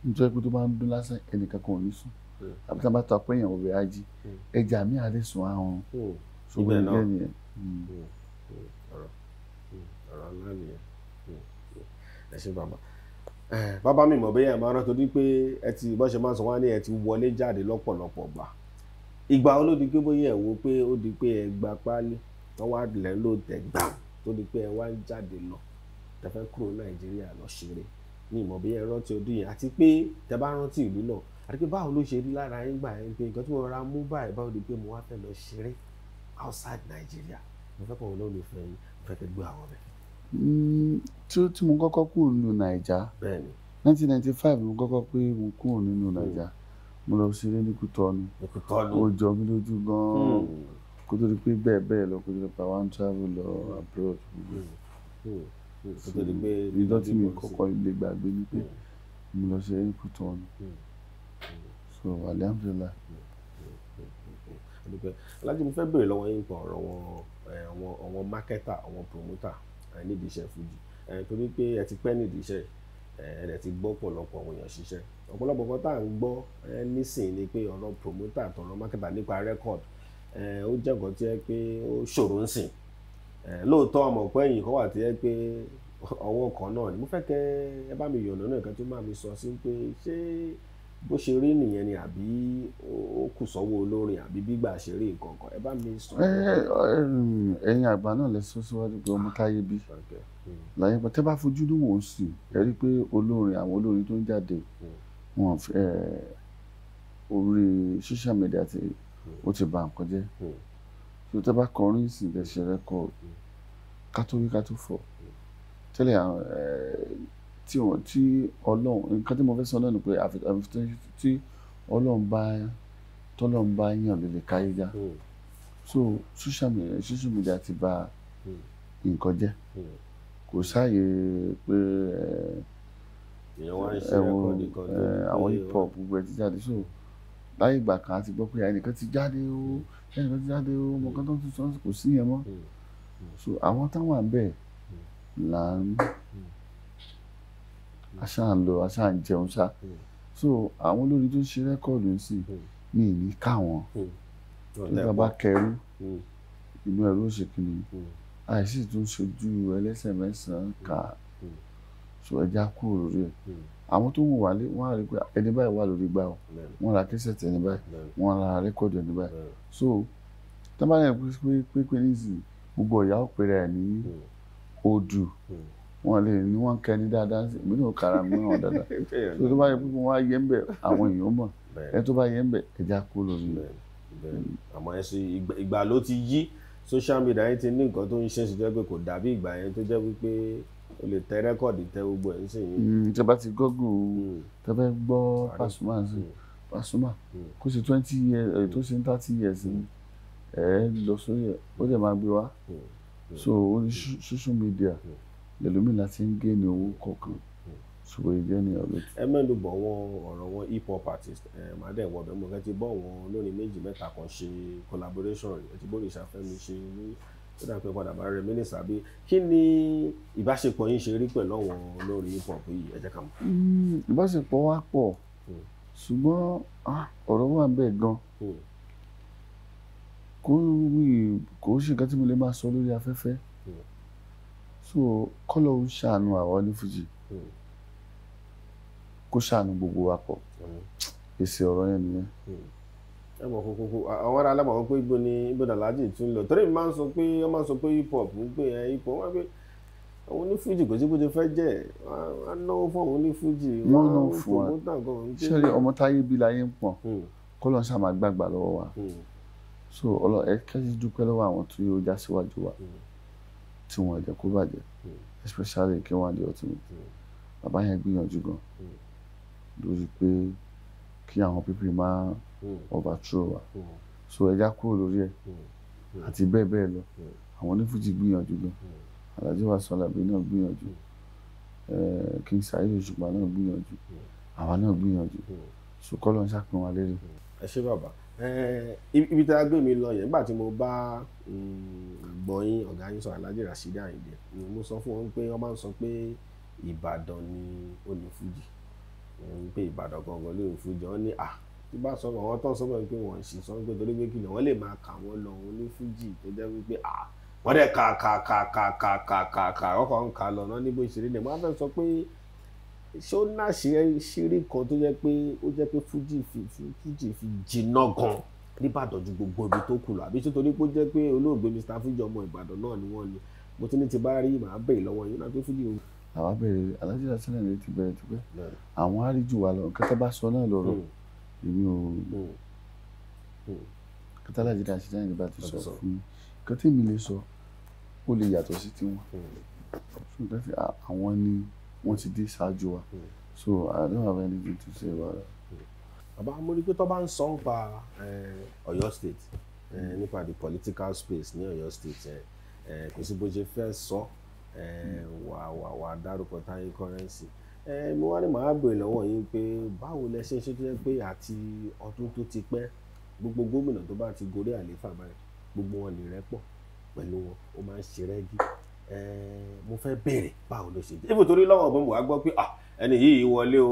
nítorí pé tó bá ń dún lásán ẹnìkan kan ò ní sùn àbí tá a bá ta pé èèyàn ọbẹ̀ ají ẹja mi àlẹ́ sùn àrùn ṣùgbọ́n ìgbẹ́ nìyẹn. Hmm. bàbá mi mọ̀ bẹ́ẹ̀ máa rántí pé ẹ ti bọ́n ṣe máa sọ wá ní ẹ ti wọlé jáde lọ́pọ̀lọpọ̀ gbà ìgbà wo ló di pé bóyá ẹ wo pé ó di pé ẹ gba páálí tó wá lẹ̀ ló tẹ̀ gbà tó di pé ẹ wá ń jáde lọ tẹ fẹ́ kúrò nàìjíríà lọ ṣeré ní ìmọ̀ bí ẹ rántí ọdún yẹn àti pé tẹ bá rántí ìlú náà àti pé báwo ló ṣe rí lára yín gbà yín pé nǹkan tí mo ra mú báyìí báwo di pé mo wá fẹ́ lọ ṣeré outside Nigeria mo fẹ́ kọ́ wọn lórí ìfẹ́ yín mo fẹ́ kẹ́ gbé àwọn rẹ̀. Mm, tí ó tí mo kọ́kọ́ kúrò nínú nàìjà 1995 mo kọ́kọ́ pé mo kúrò nínú nàìjà. Mm mo lọ ṣeré ní Kútọ́nù ó jọ mí lójú gan-an hmm. kó tó di pé bẹ́ẹ̀ bẹ́ẹ̀ lọ kó tó di pé àwọn travel lọ abroad gbogbo ìdán tí mi kọ́kọ́ lè gbàgbé ni pé hmm. mo lọ ṣeré ní Kútọ́nù hmm. so alhamdulilah. alájọ mi fẹ́ bèrè lọ́wọ́ yín pa ọ̀rọ̀ wọn àwọn mákẹ́tà àwọn promota nídìí iṣẹ́ fújì torí pé ẹ ti pẹ́ nídìí iṣẹ́ ẹ̀ ẹ̀ ti gbọ́ pọ̀lọpọ̀ àwọn èèyàn ṣiṣẹ́ ọ̀pọ̀lọpọ̀ kan tá à ń gbọ́ nísìn ni pé ọ̀rọ̀ promoter àtọ̀rọ̀ marketer nípa record ó jẹ́ nǹkan tí ẹ pé ó ṣòro ń sìn lóòótọ́ àmọ̀ pé ẹ̀yìn kan wà tí ẹ pé ọwọ́ kan náà ni mo fẹ́ kẹ́ ẹ bá mi yọ̀nà náà kan tó máa mi sọ sí pé ṣé bó ṣe rí nìyẹn ni àbí ó kù sọ́wọ́ olórin àbí gbígbà ṣe rí nǹkan ẹ bá mi sọ. ẹ̀yin àgbà náà lè sọ síwájú pé ọmọ táyé bí láyé pé tẹ́ bá fojú lówó sí ẹ rí i pé olórin àwọn olórin tó ń jáde. Hmm wọn ẹ orí social media ti ó ti bà nǹkan jẹ́ hmm. tí o tẹ́ bá kọrin sí ìdẹ̀ṣẹ̀ rẹ́kọ̀d ká tó wí ká tó fọ̀ tẹ́lẹ̀ tí ọlọ́run nǹkan tí mo fẹ́ sọ náà ni pé tí ọlọ́run bá tọ́lọ́run bá yàn lè lè káyé já hmm. so social media social media ti bà hmm. nǹkan jẹ́ kò sáàyè pé. Uh, ẹ̀wọ̀n eh, àwọn hip hop gbogbo ẹ̀ ti jáde so láyé ìgbà kan àti gbọ́ pé ẹnìkan ti jáde o ẹnìkan ti jáde o ọmọ kan tó ti sọ kò sí yẹn mọ́ hmm, hmm. so àwọn táwọn àbẹ̀ hmm. là ń aṣá ń lọ aṣá ń jẹun ṣá so àwọn olórin tó ń ṣe rẹ́kọ̀dù ń sì ní ìní káwọn tó ń bá kẹrú inú ẹrú òṣèkìnnì àìsí tó ń ṣojú ẹlẹ́sẹ̀ mẹ́sàn-án kà so ẹja kúrò lórí ẹ hmm. àwọn tó wù wálé wọn á pé ẹni báyìí wà lórí gbà o hmm. wọn ra kẹsẹtì ẹni báyìí hmm. wọn ra rẹkọdì ẹni báyìí so tábàlẹ̀ pépé nísìnyí gbogbo ọ̀yà òpèrè ẹ̀ ní odù wọn lè ní wọn kẹni dáadáa èmi náà kára mi náà dáadáa so tó bá yẹ pípọ̀ wọn á yẹ ń bẹ̀ àwọn èèyàn mọ̀ ẹ tó bá yẹ ń bẹ̀ ẹja kúrò lórí ẹ. àmọ́ ẹ ṣe ìgbà ló ti yí social media yẹn ti ní nǹkan tó ń ṣe é ṣe jẹ́ pé kò dàbí ìgbà yẹn tó jẹ́ pé o lè tẹ rẹ́kọ̀dì tẹ gbogbo ẹ̀ ń sìn yín. ìjọba mm, ti gọ́gù mm. tẹ́fẹ́ gbọ́ Pasuma mm. Pasuma kó ṣe twenty years eh, tó ṣe thirty years ni ẹ lọ sórí ẹ ó dẹ̀ máa gbé wá so orí social media lẹ́lómìnira ti ń gé ní owó kọ̀ọ̀kan ṣùgbọ́n ìjẹ́ ní ọ̀rọ̀ tí. ẹ mẹ́nu bọ̀ wọn ọ̀rọ̀ wọn hip hop artist ẹ máa dẹ̀ wọ ọbẹ̀ mo kẹ́ ti bọ́ wọn lónìí méjì mẹ́ta kan ṣe collaboration rẹ̀ ẹ ti bórí ìṣàfẹ́mi ṣe ní ó dà pé padà bá rẹ mínísà bí kí ni ìbáṣepọ̀ yín ṣe rí pẹ̀lú àwọn olórí hip hop yìí ẹ jẹ́ ká mọ̀. Hmm, ìbáṣepọ̀ wa pọ̀ hmm. ṣùgbọ́n ọ̀rọ̀ wà bẹ́ẹ̀ gan hmm. kò wí kò ṣe nǹkan tí mo lè máa sọ lórí afẹ́fẹ́ so kọ́lọ̀ ń ṣàánú àwọn onífújì kó ṣàánú gbogbo wa pọ̀ èsì ọ̀rọ̀ yẹn nìyẹn ẹ mọ̀ kókókó àwọn ará alámọ̀ wọn pé ibo ni ibo dàlájì tún lọ torí mi máa ń sọ pé wọ́n máa ń sọ pé hip hop ń pè ẹ́ hip hop wọ́n pé àwọn onífújì kò sí bó ti fẹ́ jẹ́ wọ́n náwó fún àwọn onífújì wọ́n náwó fún wa ṣẹlẹ̀ ọmọ táyé bí láyé ń pọ̀ hmm. kó lọ́n ṣàmà gbàgbà lọ́wọ́ wa hmm. so ọlọ ẹ kẹ́sì dúpẹ́ lọ́wọ́ àwọn tó yóò já síwájú wa hmm. tí wọ́n jẹ́ kó bàjẹ́ especially kí wọ́n á di ọtí mi bàbá yẹn gbìyànjú gan lórí pé kí àwọn pípì máa. Hmm. overthrow wa hmm. so ẹja kúrò lórí ẹ hmm. àti bẹ́ẹ̀ bẹ́ẹ̀ lọ àwọn onífújì gbìyànjú gan Alhaji Wasiu Alabi náà gbìyànjú King Saheed Òṣùpá náà gbìyànjú àwa náà gbìyànjú so kọ́ ló ń ṣàpín wa lérè. ẹ ṣé bàbá ibi tí a gbé mi lọ yẹn nígbà tí mo bá mm, gbọ́yìn ọ̀gá yín sọ Alhaji Rasheed Àyìndé mo sọ fún wọn pé wọ́n máa ń sọ pé Ìbàdàn ni onífújì pé Ìbàdàn gangan ló ń fújì ní à tó bá sọ àwọn tó ń sọ pé wọ́n ṣe sọ pé torí pé kìnìún wọ́n lè máa kà wọ́n lọ òun ní fújì tó jẹ́ wípé à wọ́n dẹ̀ kà kà kà kà kà kà kà kà ọkọ̀ ń kà lọ náà níbo ìṣeré dẹ̀ wọ́n á fẹ́ sọ pé ṣé ó ná ṣeré kan tó jẹ́ pé ó jẹ́ pé fújì fi fújì fi jìnnà gan nìbàdàn ju gbogbo ibi tó kù lọ àbí ṣé pé ó jẹ́ pé olóògbé Mr Fuji ọmọ Ìbàdàn náà ni wọ́n ni mo ti ní ti bá rí màá bèè lọ́wọ́ yín náà pé o àwa bẹ̀rẹ̀ alájọ́ àti ti bẹ̀rẹ̀ tipẹ́ àwọn àríjù wa lọ nǹkan bá sọ náà lọ́rọ̀ hmm èmi ò kátàlá jíra ṣe jáde bá ti sọ fún mi nǹkan tí èmi lè sọ ó lè yàtọ̀ sí tiwọn fún hmm. ìgbà tí àwọn ni wọ́n ti dé ṣáájú wa hmm. so I don't have anything to say about that. Hmm. bàbá mo rí i pé tó bá ń sọ nípa eh, Ọ̀yọ́ state eh, nípa the political space ní Ọ̀yọ́ state eh, kò sí bó ṣe fẹ́ sọ wà wà wà dárúkọ Táyé Currency ẹ mo wá ní màá béèrè lọ́wọ́ yín pé báwo lẹ ṣe ń ṣe tó yẹ pé àti ọdún tó ti pẹ́ gbogbo gómìnà tó bá ti gorí àlééfà báyìí gbogbo wọn lè rẹ́pọ̀ pẹ̀lú wọn ó máa ń ṣe rẹ́gí mo fẹ́ béèrè báwo ló ṣe jẹ́ ibù torí lọ́wọ́ ọ̀gbọ́n wa gbọ́ pé ẹni yìí wọlé o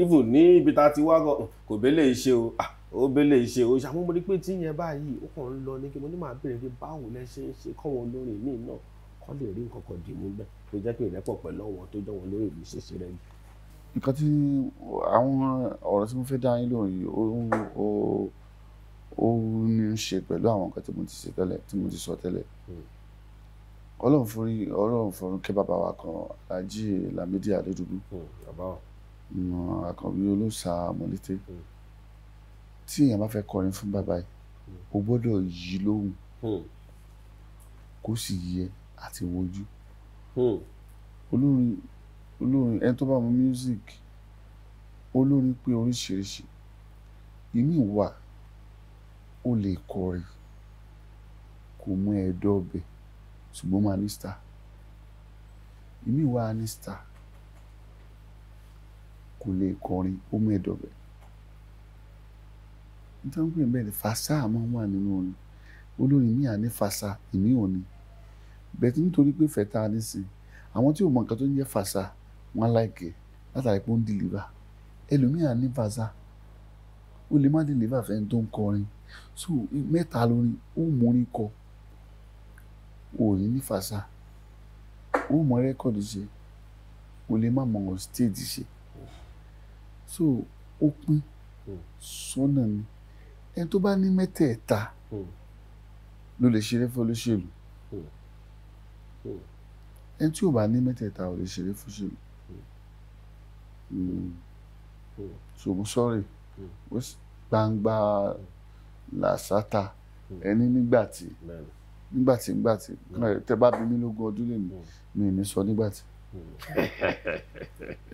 ibù hmm. ní ibi tá a ti wá gan hmm, kò bẹ́lẹ̀ iṣẹ́ o ó bẹ́lẹ̀ iṣẹ́ o ṣàmúmọ́ ni pé tí yẹn báyìí ó kàn ń lọ ní kí mo ní màá béèrè pé báwo lẹ ṣe ń ṣe kọ́ wọn lórí mi náà kọ́ lè rí nǹkan kan dì níbẹ̀ tó jẹ́ pé ìrẹ́pọ̀ pẹ̀lú àwọn tó jọ wọn lórí ìlú ṣèṣe rẹ̀ yìí. nǹkan tí àwọn ọ̀rọ̀ tí mo fẹ́ dá yín lóhùn yìí ó ní í ṣe pẹ̀lú àwọn nǹkan tí mo ti ṣe tẹ́lẹ̀ tí mo ti sọ tẹ́lẹ̀ hmm. ọlọ́run forí ọlọ́run forí kẹ́ bàbá wa kan alájí Lámídì Adédùgbù hmm, àkànbí olóòṣà mọ̀lété hmm. tí èèyàn bá fẹ́ kọrin fún bàbá yìí o gbọ́dọ̀ yí lóhùn kó sì yí ẹ àti wojú hmm. olórin olórin ẹni tó bá mọ music olórin pé oríṣiríṣi ìmí wà ó lè kọrin kò mú ẹ̀dọ̀ ọbẹ̀ ṣùgbọ́n máa ní star ìmí wà á ní star kò lè kọrin ó mú ẹ̀dọ̀ ọbẹ̀ nítorí pé bẹ́ẹ̀ ni fàṣà máa wà nínú orin olórin míì á ní fàṣà ìmí ò bẹ́ẹ̀ nítorí pé fẹ̀tà nísìn àwọn tí ò mọ nǹkan tó ń jẹ́ fàṣà wọn láìkè látàrí pé ó ń dìlìbà ẹlòmíràn ní fàṣà ó lè má dìlìbà fẹ́ni tó ń kọrin so mẹ́ta lórin ó mú orin kọ ò ní ní fàṣà ó mọ rẹ́kọ̀dì ṣe ó lè má mọ stéèjì ṣe so ó pín sọ́nà ni ẹni tó bá ní mẹ́tẹ̀ẹ̀ta hmm. ló lè ṣeré fẹ́ olóṣèlú. Hmm ẹni tí ò bá ní mẹ́tẹ̀ẹ̀ta ò lè ṣeré fún ṣèlú hmm. so mo sọ́ọ̀rì gbangba làṣàtà ẹni nígbàtí nígbàtí nígbàtí tẹ bá bí mi lógún ọdún lè mi mi ní sọ nígbàtí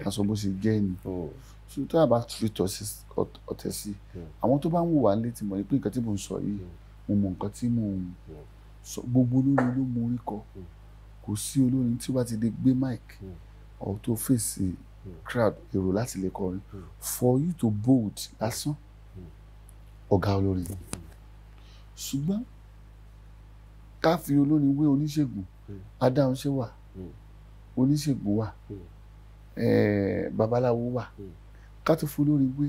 aṣọ bó ṣe jẹ́ ni so tá a bá fi ọ̀tẹ̀ sí àwọn tó bá ń wò wá létí mọ̀ ní nǹkan tí mo ń sọ yìí mo mọ nǹkan tí mo ń sọ gbogbo lórí ló mo rí kọ kò sí olórin tí ó bá ti lè gbé mic ọ̀ hmm. tó fèsì hmm. crowd èrò láti lè kọrin hmm. for you to bold lásán ọ̀gá olórin ṣùgbọ́n ká fi olórin wé oníṣègùn adáhùn ṣe wà oníṣègùn wà eh, babaláwo wà ká tó fún olórin wé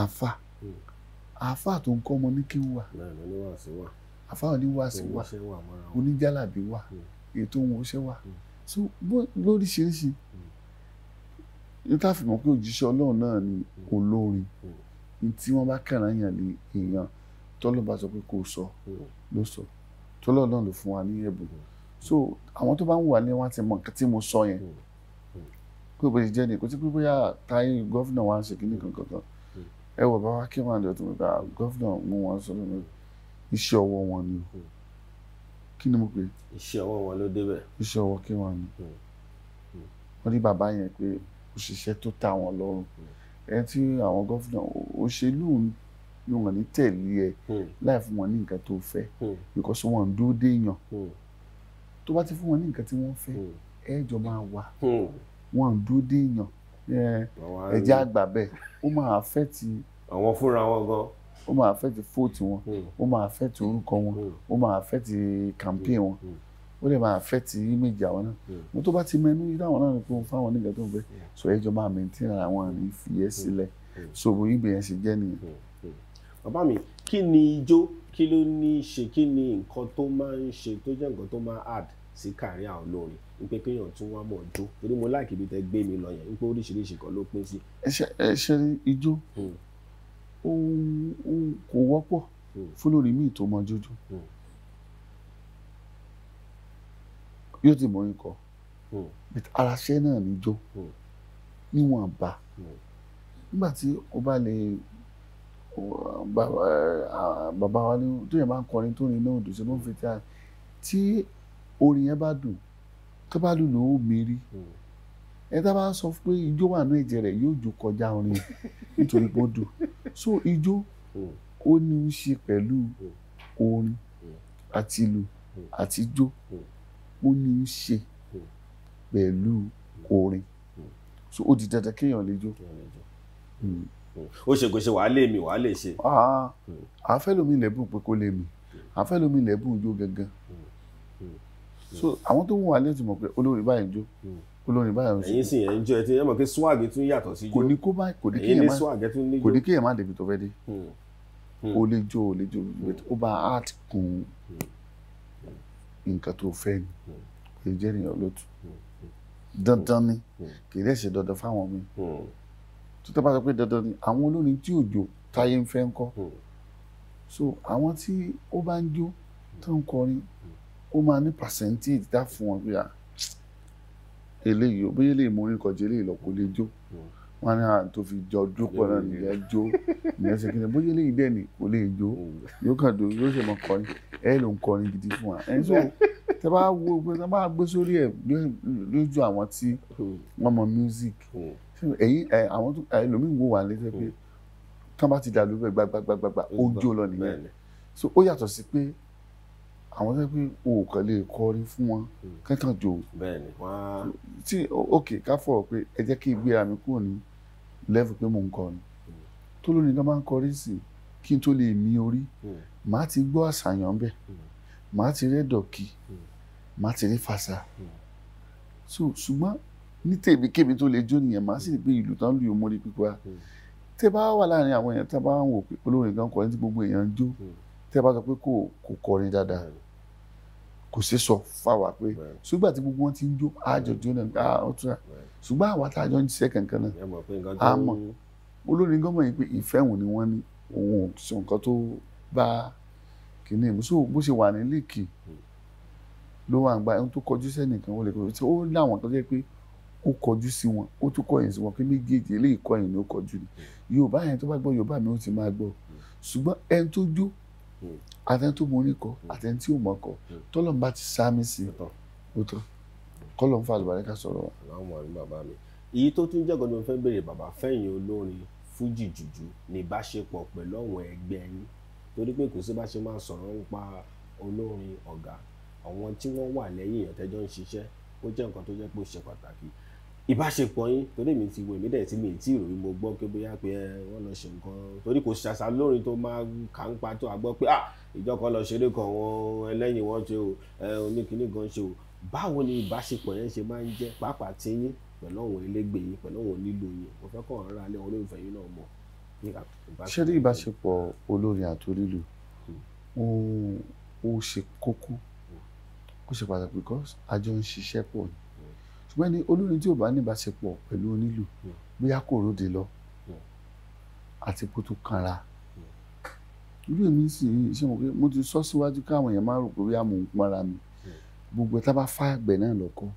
àáfà àáfà tó ń kọ́ ọmọ ní kí wà àáfà oníwàásí wà oníjàlábí wà. Mm ètò òun ọṣẹ wà hmm. so lóríṣiríṣi hmm. ní tá a fi mọ̀ pé òjíṣẹ́ ọlọ́run náà ni hmm. olórin ní tí wọ́n bá kàn án yàn ní èèyàn tọ́lọ́ bá sọ pé kò sọ ló sọ tọ́lọ́ náà ló fún wa ní ẹ̀bùn so àwọn tó bá ń wà ní wọn ti mọ nǹkan tí mo sọ yẹn pé bó ṣe jẹ́ ni kò sí pé bóyá táyé gọ́fìnà wa ń ṣe kíní kankan kan ẹ wọ bàbá kí wọn lè tún bá ah, gọ́fìnà mú wọn sọ lónìí iṣẹ́ ọwọ́ wọn ni o kí ni mo pè. iṣẹ́ ọwọ́ wọn ló débẹ̀. iṣẹ́ ọwọ́ kí wọ́n ni. Hmm. Hmm. wọ́n ní bàbá yẹn pé òṣìṣẹ́ tó ta wọn lọ́rùn hmm. ẹ tí àwọn gọ́fìnà òṣèlú ni wọ́n ní tẹ̀lé ẹ láì fún wọn ní nǹkan tó fẹ́ because wọn ń dúró déèyàn tó bá ti fún wọn ní nǹkan tí wọ́n fẹ́ ẹ jọ máa wà wọn ń dúró déèyàn ẹ̀jẹ̀ àgbà bẹ́ẹ̀ ó máa fẹ́ ti. àwọn fúnra wọn gan ó máa affect vote wọn hmm. ó máa affect orúkọ wọn hmm. ó máa affect campaign hmm. wọn ó lè máa affect image àwọn náà mo tó bá ti mẹnu irú àwọn náà ni pé mo fáwọn nígbà tó ń bẹ so ẹjọ máa maintain ara wọn ní fìyẹ sílẹ̀ so yẹn ṣe jẹ́ nìyẹn. bàbá mi kí ni ijó kí ló ní í ṣe kí ni nǹkan tó máa ń ṣe tó jẹ́ nǹkan tó máa add sí kàrí àwọn olórin wípé kéèyàn tún wá mọ̀ jó torí mo láìkí ibi tẹ́ gbé mi lọ yẹn wípé oríṣiríṣi kan ló pín sí. ẹ ṣe ẹ ṣe ijó kò wọ́pọ̀ hmm. fúlórí míì tó mọ jójó hmm. yóò ti mọ orin kọ hmm. ara ṣẹ́ náà ní jó níwọ̀n bá nígbà tí o bá lè bàbá wa ní tó yẹ máa ń kọrin tó rin náà dùn sí ló ń fi tí orin yẹn bá dùn tó bá lù lò ó mérí ẹ tá a bá sọ pé ijó wà ní ẹ̀jẹ̀ rẹ̀ yóò jó kọjá orin nítorí pọ́n dùn so ijó ó ní í ṣe pẹ̀lú orin àti ìlù àti ijó ó ní í ṣe pẹ̀lú orin so ó di dandan kéèyàn lè jó. ó ṣe kò ṣe wàá lè mi wàá lè ṣe. àfẹ́ lómi lẹ́bùn pé kó lè mi àfẹ́ lómi lẹ́bùn jó gangan so àwọn tó ń wà lẹ́tùmọ̀ pé olórí báyìí jó. Mm olórin báyọ̀ sí. ẹ̀yin sì ẹ̀ ń jọ ẹ ti ẹ mọ̀ pé swag tún yàtọ̀ sí jù. kò ní kó má kò ní kéèyàn má kò ní kéèyàn má débi tó fẹ́ dé. o hmm. hmm. lè jó o lè jó o bá art kun hmm. nǹkan tó fẹ́ ni kò jẹ́ ènìyàn lótú dandan ni kì í dẹ́sẹ̀ dandan fáwọn mi tó tẹ́ bá sọ pé dandan ni àwọn olórin tí òjò táyé ń fẹ́ ń kọ́ so àwọn tí ó bá ń jó tó ń kọrin ó máa ní percentage dá fún wọn bí i ah, eléyìí bóyá eléyìí mọ orin kọjá eléyìí lọ kò lè jó hmm. wọn ní àwọn ah, tó fi jọ dúpọ̀ náà nìyẹn jó nìyẹn ṣe kíni bóyá eléyìí dẹ́ni kò lè jó hmm. yóò kàn dó yóò ṣe mọ kọrin ẹ ló ń kọrin gidi fún wa ẹ so tẹ bá wo tẹ bá gbé sórí ẹ lójú àwọn tí hmm. wọn mọ music ẹyin ẹ àwọn tó ẹlòmíín wo wà létẹ pé tán bá ti dàlú bẹ gbàgbàgbàgbà ó jó lọ nìyẹn so ó yàtọ̀ sí pé àwọn tó pé o kàn lè kọrin fún wọn hmm. kẹ́tàn jò bẹ́ẹ̀ni wọ́n. tí ok ká fọ̀ pé ẹ jẹ́ kí n gbéra mi kúrò ní lẹ́fù pé mò ń kọrin hmm. tó lónìí kan máa ń kọrin sí kí n tó lè mí orí hmm. màá ti gbọ́ àṣàyàn ń bẹ̀ màá ti rí ẹ̀dọ̀kì màá ti rí fàṣà so ṣùgbọ́n ní tèmi kébi tó lè jó nìyẹn màá sì rí pé ìlú tán lù yóò mórí pípa tẹ bá wà láàrin àwọn èèyàn tẹ bá ń wò pé olórin kan kọrin tí gbogbo èèyàn ń jó tẹ bá sọ pé kò kọrin dáadáa kò ṣe sọ fáwa pé ṣùgbọ́n àti gbogbo wọn ti ń jó àjọjọ náà á tún ra ṣùgbọ́n àwa tá a jọ ń ṣiṣẹ́ kankan náà a mọ̀ olórin gọ́mọ̀ yìí pé ìfẹ́ òun ni wọ́n ní òun ò sọ nǹkan tó bá kìíní ìmúṣọ bó ṣe wà ní líìkì ló wà ń gba ohun tó kọjú sẹ́nìkan ó lè kọjú ó láwọn kan jẹ́ pé ó kọjú sí wọn ó tún kọ̀yìn sí wọn pé méjèèjì eléyìí kọ̀yìn ni ó kọjú ni hmm. yorùbá yẹn tó bá gbọ́ yorùbá mi ó ti máa gbọ́ hmm. ṣùgbọ́n ẹni tó jó hmm atẹ́ni tó mọ orin kọ àtẹ́ni tí ò mọ kọ hmm. tọ́lọ́n bá ti sáámi sí i ó tán kọ́lọ́n fún àlùbáríkà sọ̀rọ̀ wa. aláwọ̀ àrí bàbá mi èyí tó tún jẹ́ gọ́dọ̀ fẹ́ béèrè bàbá fẹ́yìn olórin fújì jùjú ní ìbáṣepọ̀ pẹ̀lú àwọn ẹgbẹ́ yín torí pé kò sí bá ṣe máa sọ̀rọ̀ nípa olórin ọ̀gá àwọn tí wọ́n wà lẹ́yìn ìyàtẹ́jọ́ ń ṣiṣẹ́ ó jẹ́ nǹkan tó jẹ́ pé ó ṣe pàtàkì ìbáṣepọ̀ yín torí mi ti wo èmi dẹ̀ tí mi ti ròyìn mo gbọ́ pé bóyá pé wọ́n lọ ṣe nǹkan torí kò ṣàṣà lórin tó máa kà ń pa tó a gbọ́ pé ìjọkọ̀ lọ ṣeré kan wọn ẹlẹ́yìn wọn ṣe o oníkìíní gan ṣe o báwo ni ìbáṣepọ̀ yẹn ṣe máa ń jẹ́ pàápàá tí yín pẹ̀lú àwọn ẹlẹ́gbẹ́ yín pẹ̀lú àwọn onílù yín mo fẹ́ kọ́ ọ̀rọ̀ alẹ́ olóòfẹ́ yín náà mọ̀. ṣé rí ìbáṣepọ̀ olórin àti onílù ó ṣe kókó ó ṣe pàtàkì because àjọ ṣùgbọ́n ní olórin tí ò bá níbáṣepọ̀ pẹ̀lú onílù hmm. bóyá kò ròde lọ hmm. àti kó tó kanra hmm. irú èmi sì ṣe mo pé mo ti sọ síwájú káwọn èèyàn máa rò pé bóyá mo ń pọnra mi gbogbo tá a bá fá àgbẹ̀ náà lọ́kọ́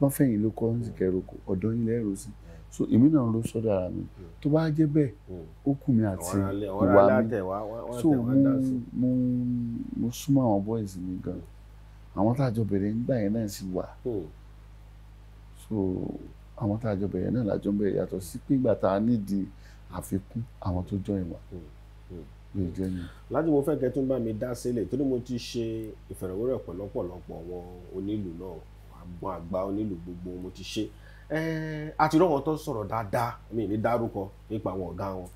wọ́n fẹ̀yìn ló kọ́ ní kẹrọkọ ọ̀dọ́ yín lẹ́rù sí so èmi náà ló sọ́dọ̀ ara mi tó bá jẹ́ bẹ́ẹ̀ ó kù mí àti ìwà mi so mo mo súnmọ́ àwọn boys mi gan àwọn tá a jọ bẹ̀rẹ̀ nígbà yẹn náà sì wà so àwọn tá a jọ bẹ̀rẹ̀ náà lájọ ń bẹ̀rẹ̀ yàtọ̀ sí pé ìgbà tá a nídìí àfikún àwọn tó jọ ìwà lè jẹ́ ni. láti mo fẹ́ kẹ́ tún bá mi dá sílẹ̀ torí mo ti ṣe ìfẹ̀rẹ̀wérọ̀ pẹ̀lọ́pọ̀lọpọ̀ àwọn onílù náà àwọn àgbà onílù gbogbo mo ti ṣe àti rọ́wọ́n tó sọ̀rọ̀ dáadáa mi ní dárúkọ nípa àwọn ọ̀gá wọn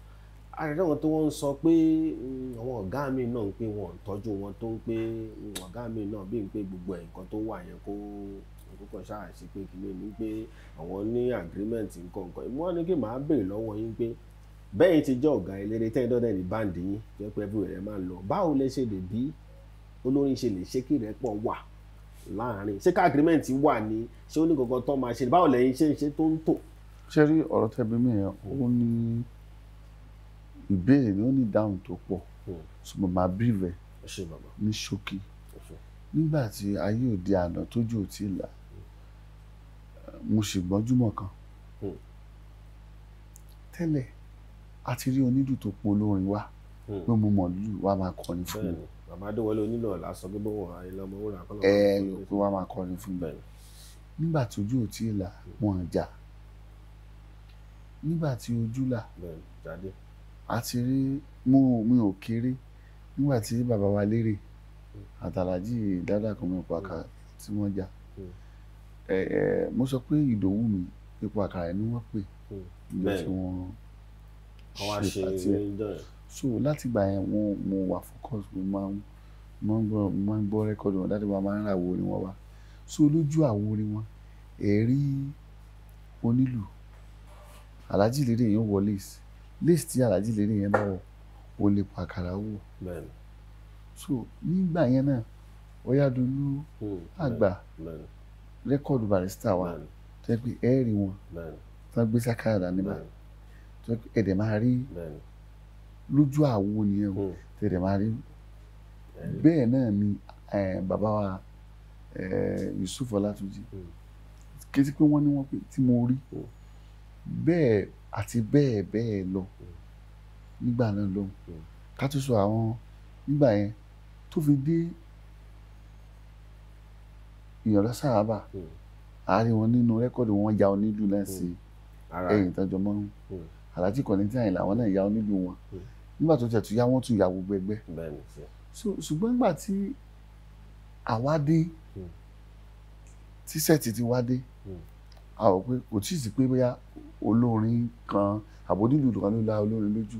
àrẹ̀rẹ̀ wọn tó ń sọ pé hmm, àwọn ọ̀gá mi náà ń pé wọn tọ́jú wọn tó ń pé hmm, ọ̀gá mi náà bí ń pé gbogbo ẹ̀ nǹkan tó wà yẹn kó kókò ṣáà sí pé kí ni pé àwọn ní agreement nǹkankan ìmú wa ni kí màá béèrè lọ́wọ́ yín pé bẹ́ẹ̀ ti jẹ́ ọ̀gá eléré tẹ́ dọ́dẹ̀ ní báǹdì yín jẹ́ pé everywhere ẹ máa ń lọ báwo lẹ ṣe lè bí olórin ṣe lè ṣe kí rẹ pọ̀ wà láàrin ṣé ká agreement wà ní ṣé ó ní kankan tó máa ṣe báwo lẹ́yìn ṣe ń ṣe tó ń tò. ṣé rí ọ̀rọ̀ tẹ́bí mi yẹn ó ní ìbéèrè ni ó ní ìdáhùn tó pọ̀ hmm. ṣùgbọ́n màá bí rẹ̀ ní ṣókí nígbà tí ayé òde àná tójú ò tí ì là mo sì gbọ́njúmọ̀ kan hmm. tẹ́lẹ̀ a ti rí onídù tó po olórin wa hmm. pé mo mọ̀ lù wá máa kọrin fún mi. bàbá adéwọlé onílọ̀ lásán pé bọ́wọ̀ ayé lọ́mọ wúrà kọ́lọ́. ẹ ẹ rò pé wá máa kọrin fún mi. nígbà tí ojú ò tí ì là hmm. wọn jà nígbà tí ojú là a ti rí mo mi ò kéré nígbà tí bàbá wa lérè àtàlájì dáadáa kan mi ò pa kà tí wọ́n jà ẹ ẹ mo sọ pé ìdòwú mi epo àkàrà ni wọ́n pè hmm, ìjọ tí wọ́n ṣe pàtí so láti gbà yẹn mo mo wà focus mo máa mo máa ń gbọ́ rẹ́kọ̀dì wọn dáadáa wọn máa ń ra àwo orin wọn wá so lójú àwo orin wọn ẹ̀rí onílù alájì lédè yẹn wọ lace lace tí alájì lédè yẹn bá wọ o lè pa àkàrà wò so nígbà yẹn náà Ọ̀yàdúlú hmm, àgbà. Mm, rẹ́kọ̀dù barista wa tó yẹ pé ẹ rí wọn tó gbé sákàrà níbà tó yẹ pé ẹ̀dẹ̀ máa rí lójú àwo nìyẹn o hmm. tẹ̀dẹ̀ máa rí bẹ́ẹ̀ náà ni bàbá wa Yusuf Ọlátúnjí hmm. kété pé wọ́n ní wọ́n pé tí mo rí hmm. bẹ́ẹ̀ àti bẹ́ẹ̀ bẹ́ẹ̀ lọ nígbà náà lọ ká tó sọ àwọn nígbà yẹn tó fi dé èèyàn lọ́sàábà àárín hmm. wọn nínú rẹ́kọ̀dì wọn ya onílù náà sí hmm. ẹ̀yìn tọ́jọ mọ́rún hmm. aláàjì kọ̀ọ̀nìtì àyìnlá wọn náà ya onílù wọn nígbà tó tẹ̀ tún yá wọ́n tún ya gbogbo ẹgbẹ́ ṣùgbọ́n nígbà tí àwa dé tí sẹ́ẹ̀tì ti wá dé a ò pé kò tí sí pé bóyá olórin kan àbónílù kan ló la olórin lójú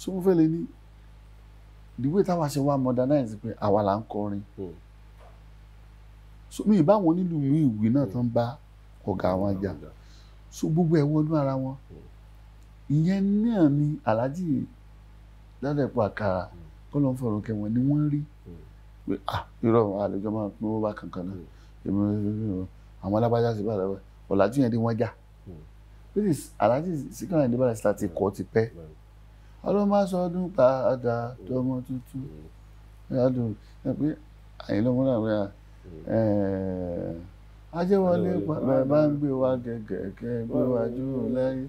so mo fẹ́ lè ní wa táwa ṣe wá modernize pé àwa là ń kọrin so mi ìbáwọn onílùú mi ìwé náà hmm. tán bá ọ̀gá wọn jà hmm. so gbogbo ẹ̀ wọnú ara wọn hmm. ìyẹn náà ni aláàjì ládẹ́pọ̀ àkàrà kọ́lọ́ fọ̀rọ̀ kẹwọn ni wọ́n rí pé ah irọ́ àlejò máa pín owó bá kankan náà èmi àwọn alábàjá sì bá rẹ ọ̀làjú yẹn ni wọ́n jà please aláàjì síkànnì ìdíbàlẹ̀ síta ti kọ́ ti pẹ́ ọlọ́mọsọdún padà tọmọ tuntun ẹ̀yà dùn ẹ̀ pé àyìnlọ́mọ náà wẹ́ẹ́ ajẹ́wọlé bàbá ń gbé wa gẹ̀gẹ̀gẹ̀ gbé wa dúró láyé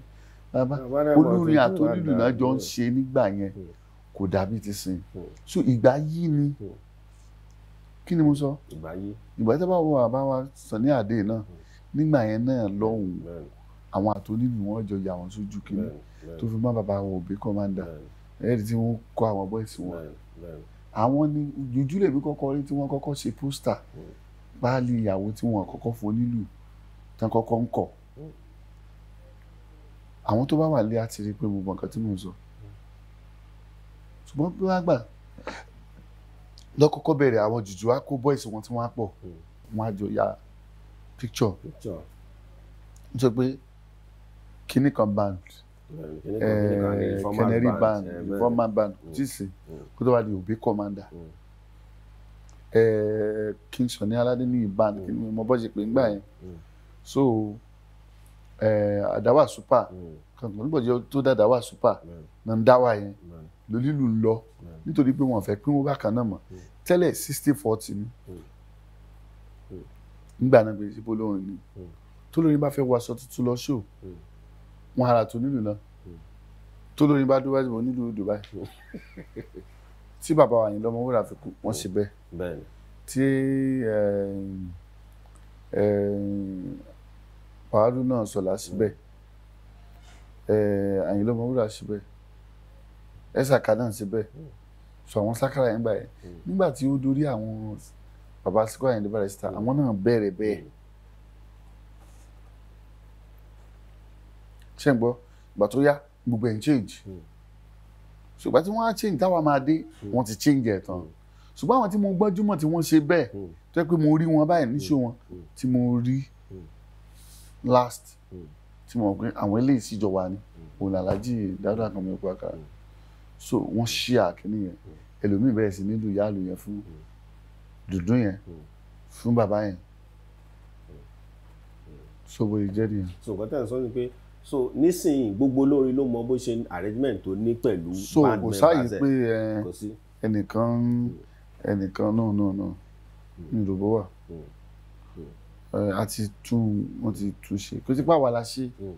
bàbá olórin àtọ́nílù náà jọ ń ṣe nígbà yẹn hmm. kò dàbí ti sìn hmm. so ìgbà yìí ni hmm. kí ni mo sọ ìgbà yìí ìgbà tí a bá wọ bàbá wa Sunny Adé náà nígbà yẹn náà lọ́hùn-ún àwọn àtọ́nílù wọn jọ yà wọn sójú kí ni tó fi má bàbá wọn òbí kọ́mándà ẹ̀ẹ́dì tí wọ́n kọ́ àwọn bọ́ìsì wọn àwọn ni jújú lèmi kọ́kọ́ rí tí wọ́n kọ́kọ́ ṣe pósítà báàlì ìyàwó tí wọ́n kọ́kọ́ fún nílùú tán kọ́kọ́ ń kọ̀ àwọn tó bá wà lé àti rí pé mo mọ nǹkan tí mò ń sọ ṣùgbọ́n bí wọ́n á gbà lọ́kọ́kọ́ bẹ̀rẹ̀ àwọn jùjú á kó bọ́ìsì wọn tí wọ́n á pọ̀ wọ́n á jọ ya picture n sọ pé kinní kan band. Mm canary band eh, former band kò tí ì sí kó tó wá di òbí commander mm. eh, king Sunny Aládé ní band mm. kí ni mo bọ́ ṣe pé ńgbà yẹn mm. so àdáwà eh, super kankan nígbà tó dàdáwà super náà ń dáwà yẹn lólílù ń lọ nítorí pé wọn fẹ́ pín owó bákan náà mọ́ tẹ́lẹ̀ sixty forty ni nígbà náà pé sípò lóhùn ni tó lóyún bá fẹ́ wọ aṣọ tuntun lọ ṣó wọn ara tó nílùú náà hmm. tó lórí bá dúró wájú nílùú Dubai tí bàbá wa yìí lọ́mọ wúrà fi kú wọ́n ṣe bẹ́ẹ̀ tí pàálù eh, eh, náà sọ̀lá síbẹ̀ eh, àyìn lọ́mọ wúrà síbẹ̀ ẹ̀sàkà náà síbẹ̀ hmm. sọ àwọn sákàrà yẹn gbà yẹn hmm. nígbà tí ó dorí àwọn bàbá síkò àyìnlẹ́bàrẹ̀ síta àwọn náà bẹ̀rẹ̀ bẹ́ẹ̀. ṣe ń gbọ́ ìgbà tó yá gbogbo ẹ̀ ń change ṣùgbọ́n hmm. tí wọ́n á change táwa máa dé hmm. wọ́n ti change ẹ̀ tán hmm. ṣùgbọ́n àwọn tí mo gbọ́júmọ̀ tí wọ́n ṣe bẹ́ẹ̀ tó yẹ pé mo rí wọn báyìí níṣó wọn tí mo rí last tí mo mọ̀ pé àwọn eléyìí sì jọ wà ní òun làlájì dáadáa kan mi pa kára so wọ́n ṣí àkíní yẹn ẹlòmíì bẹ̀rẹ̀ sí nílùú yálù yẹn fún dùdú yẹn fún bàbá yẹn so bó ṣe jẹ́ nìyẹn. ni pé so nísìnyí gbogbo olórin ló mọ bó ṣe arrangement tó ní pẹ̀lú band members ẹ̀ kò sáyé pé ẹnìkan ẹnìkan náà náà náà ní ìdòbó wà àti tún wọn ti tún ṣe kò sí pàwọ́ la hmm.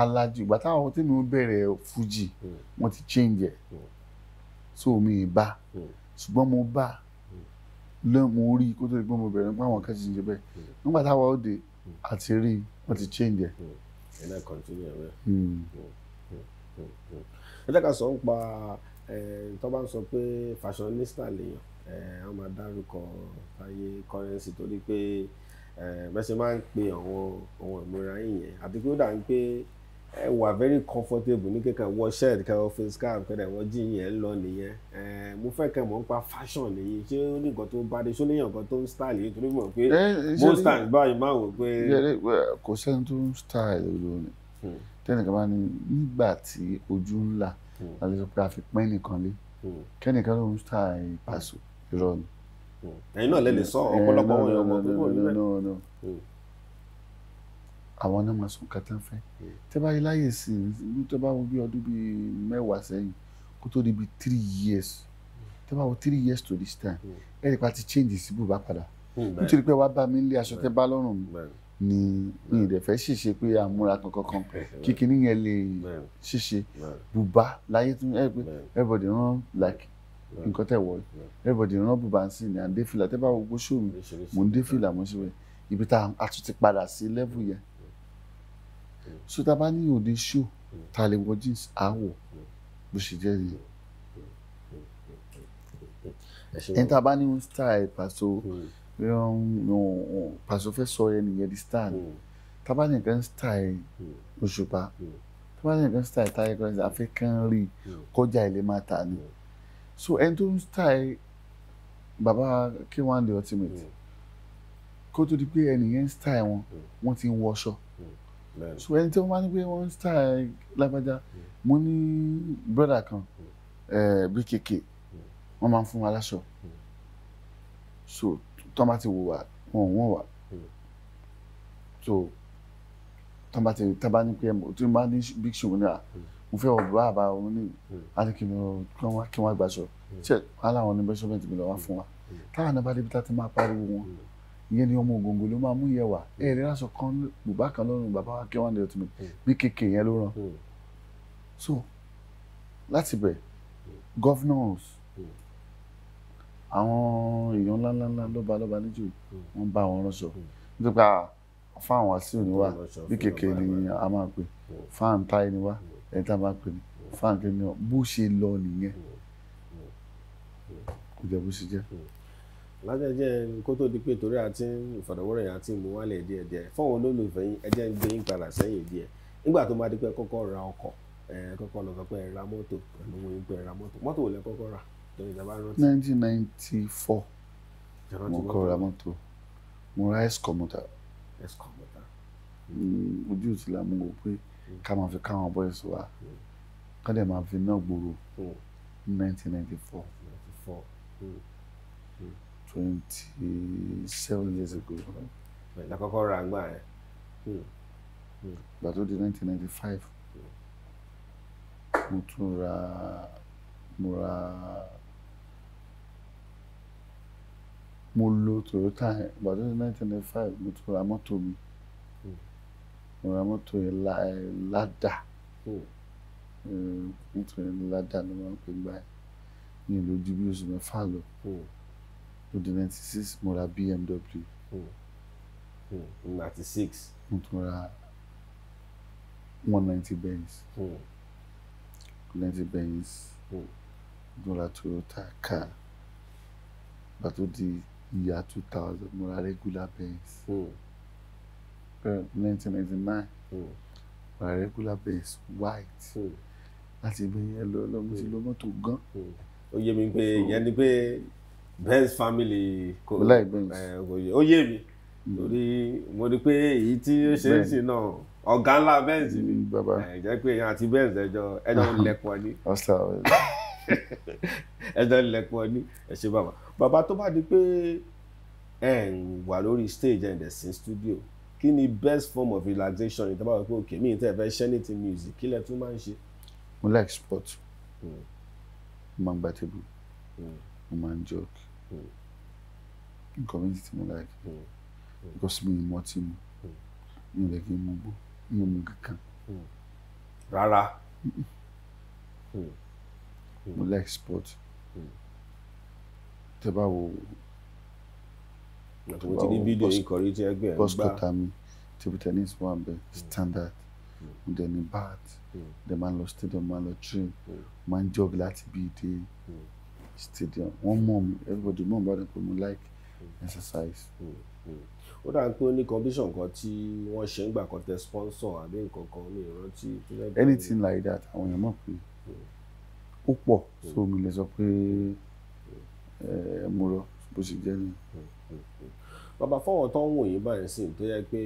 alájú ìgbà táwọn tí mi bẹ̀rẹ̀ fújì hmm. wọn ti change ẹ̀ hmm. so mi ì bá ṣùgbọ́n mo bá lẹ́nu mo rí kó tó di pé mo bẹ̀rẹ̀ nípa àwọn kẹ́sì ń jẹ nígbà táwọn òde àti rí wọn ti change ẹ̀ ẹ náà continue ẹ eh? bẹ́ẹ̀. Hmm. Hmm. Hmm. ẹ jẹ́ ká sọ ń pa tó bá ń sọ pé fashionista lèèyàn a máa dárúkọ ayé currency torí pé bẹ́sẹ̀ máa ń pe àwọn ohun ìmúra yìnyẹn àti pé ó dà ń pé ẹ wà very comfortable ní kíkà wọ shirt kẹ wọ face cap kẹdẹ wọ jean yẹn lọ nìyẹn ẹ mo fẹ́ kẹ mọ̀ nípa fashion nìyí ṣé ó ní nǹkan tó bá dé ṣé ó ní nǹkan tó ń style yìí torí mọ̀ pé most times báyìí máa wò pé. kò sẹ́ni tó ń style lónìí hmm. tẹ́nìkan bá ní nígbà tí ojú ńlá àlẹ́ hmm. sọ pé a fi pẹ́ nìkan lé hmm. kẹ́nìkan ló ń style Paso irọ́ ni. ẹ̀yin náà lè lè sọ eh, ọ̀pọ̀lọpọ̀ wọn yọ ọmọ púpọ̀ níbẹ̀ àwọn náà máa sùn kẹtàn fẹ́ tẹ́ bá yí láyè sí i tẹ́ bá wo bí ọdún bíi mẹ́wàá sẹ́yìn kó tó di bíi three years tẹ́ bá wo three years to this time ẹ̀ rí ti change sí bùbá padà nítorí pé wàá bá mi ń lé aṣọ tẹ́ bá lọ́rùn ni mi ì dẹ̀ fẹ́ ṣèṣe pé àmúra kankan kan kíkiní yẹn lè ṣèṣe bùbá láyé tún ẹ̀ pé everybody run like nǹkan tẹ̀ wọ̀ everybody run bùbá ń ni ní à ń dé fìlà tẹ́ bá wo gbóṣó mò ń dé fìlà mọ́ síbẹ̀ ibi tá a tún ti padà sí level yẹn so tá a bá ní òní ṣó ta lè wọ jeans àwọ̀ mm. bó ṣe jẹ́ yìí mm. mm. ẹni tá a bá ní un style pàṣọ pàṣọ fẹ́ sọ ẹni yẹn di style tá a bá ní nǹkan style Òṣùpá tá a bá ní nǹkan style táyé kọ́ńtà afẹ́kàn rí kọjá ilé máa ta ni so ẹni tó ń style baba K1 the ultimate kó tó di pé ẹni yẹn style wọn wọ́n ti ń wọṣọ ṣùgbọ́n ẹni tí wọ́n máa ń gbé wọ́n style lágbájá hmm. mo ní brọ́dà kan hmm. eh, bkk hmm. wọ́n máa ń fún wa láṣọ so tọ́n bá ti wò wá wọn ò wọ́n wá so tọ́n bá ti tọ́n bá ní pé tí mo bá ní big show ní à ah, mo fẹ́ wọ bàbá òun ní àdìkì mi kí wọ́n gbàṣọ ṣe aláwọn ní bẹ́sọ̀mẹ́ntì mi lọ́wọ́ fún wa táwọn náà bá débi tá ti máa pariwo wọn ìyẹn ni ọmọ ògòǹgò ló máa mú yẹ wá ẹ rí aṣọ kan bùbá kan lọ́rùn bàbá wa kí wọ́n lè tún mi hmm. bí kéèké yẹn ló ràn hmm. so láti bẹ̀ governors hmm. àwọn èèyàn ńláńláńlá lọ́ba lọ́ba níjò wọ́n bá wọn ránṣọ nípa fáwọn wàásù ni wá bí kéèké ni a máa pè fáwọn táyé ni wá ẹni tá a máa pè ní fáwọn kéèké ni wá bó ṣe lọ nìyẹn kò jẹ́ bó ṣe jẹ́. lájẹjẹ kó tó di pé torí àti ìfọ̀rọ̀wọ́rọ̀ yẹn àti mú wálẹ̀ díẹ̀ díẹ̀ fọ́wọn olólùfẹ́ yín ẹjẹ́ ń gbé yín padà sẹ́yìn díẹ̀ nígbà tó máa di pé kọ́kọ́ ra ọkọ̀ kọ́kọ́ lọ sọ ra mọ́tò pẹ̀lú ra mọ́tò mọ́tò wò lẹ kọ́kọ́ ra mọ́tò twenty seven years ago. lakọkọ ra àgbà yẹn. Hmm. Hmm. ìgbà tó di nineteen ninety five mo tún ra mo ra mo lo Toyota yẹn ìgbà di nineteen ninety five mo tún ra mọ́tò mi hmm. mo ra mọ́tò yẹn ládà mọ́tò yẹn ládà ló máa pè gbà yẹn ní ìlú ju bí mẹ́fà lọ ó di ninety six mo ra BMW. Hmm. Hmm. ninety six. mo tún ra one ninety Benz. Hmm. ninety Benz. mo ra Toyota car. pàtó di ìyá two thousand mo ra regular Benz. nineteen ninety nine mo ra regular Benz white. láti ibẹ̀ yẹn lọ lọ́mọ ti lọ mọ́tò gan. ó yé mi pé ìyẹn ni pé. Benz family kò kò eh, yé mi hmm. torí mo rí i pé èyí tí ó ṣe é sí náà ọ̀gá ńlá Benz ni ẹ hmm, eh, jẹ́ pé èèyàn àti Benz ẹjọ́ ẹjọ́ ń lẹ́pọ̀ ni ẹjọ́ ń lẹ́pọ̀ ni ẹ ṣe bàbá bàbá tó bá di pé ẹ ń wà lórí stage ẹ̀ ń dẹ̀ studio kí ni best form of relaxation ìtọ́ bá wọ pé òkè mi ìtẹ́ ẹ̀ fẹ́ ṣẹ́ ní ti music kí lẹ tún máa ń ṣe. mo like sport hmm. mo máa ń gba table mo máa ń joke hmm. nǹkan méjì tí mo like hmm. Hmm. because mi ì mọtí mu mi ò lè kí n mú gbó mi ò mú kankan. rárá. mo like sport tẹ bá wo. mo ti ní fídíò yìí kọrí tí ẹgbẹ́ ẹ̀ ń gbà. table tennis wà bẹ́ẹ̀ standard mo dẹ̀ ní bat dẹ̀ máa lọ stadium máa lọ train máa ń jog láti bí dé. Mm stadium wọ́n mọ̀ mi everybody mọ̀ bá dẹ̀ pé mo like exercise. Hmm, hmm, hmm. ó dà pé ó ní condition kan tí wọ́n ṣe ń gbà kan tẹ sponsor àbí nǹkan kan ní ìrántí. anything like that àwọn èèyàn mọ̀ pé ó pọ̀ so mi lè sọ pé eh, mo rọ bó ṣe jẹ́ ni. bàbá fọwọ́n tó ń wò yín báyìí sí tó yẹ pé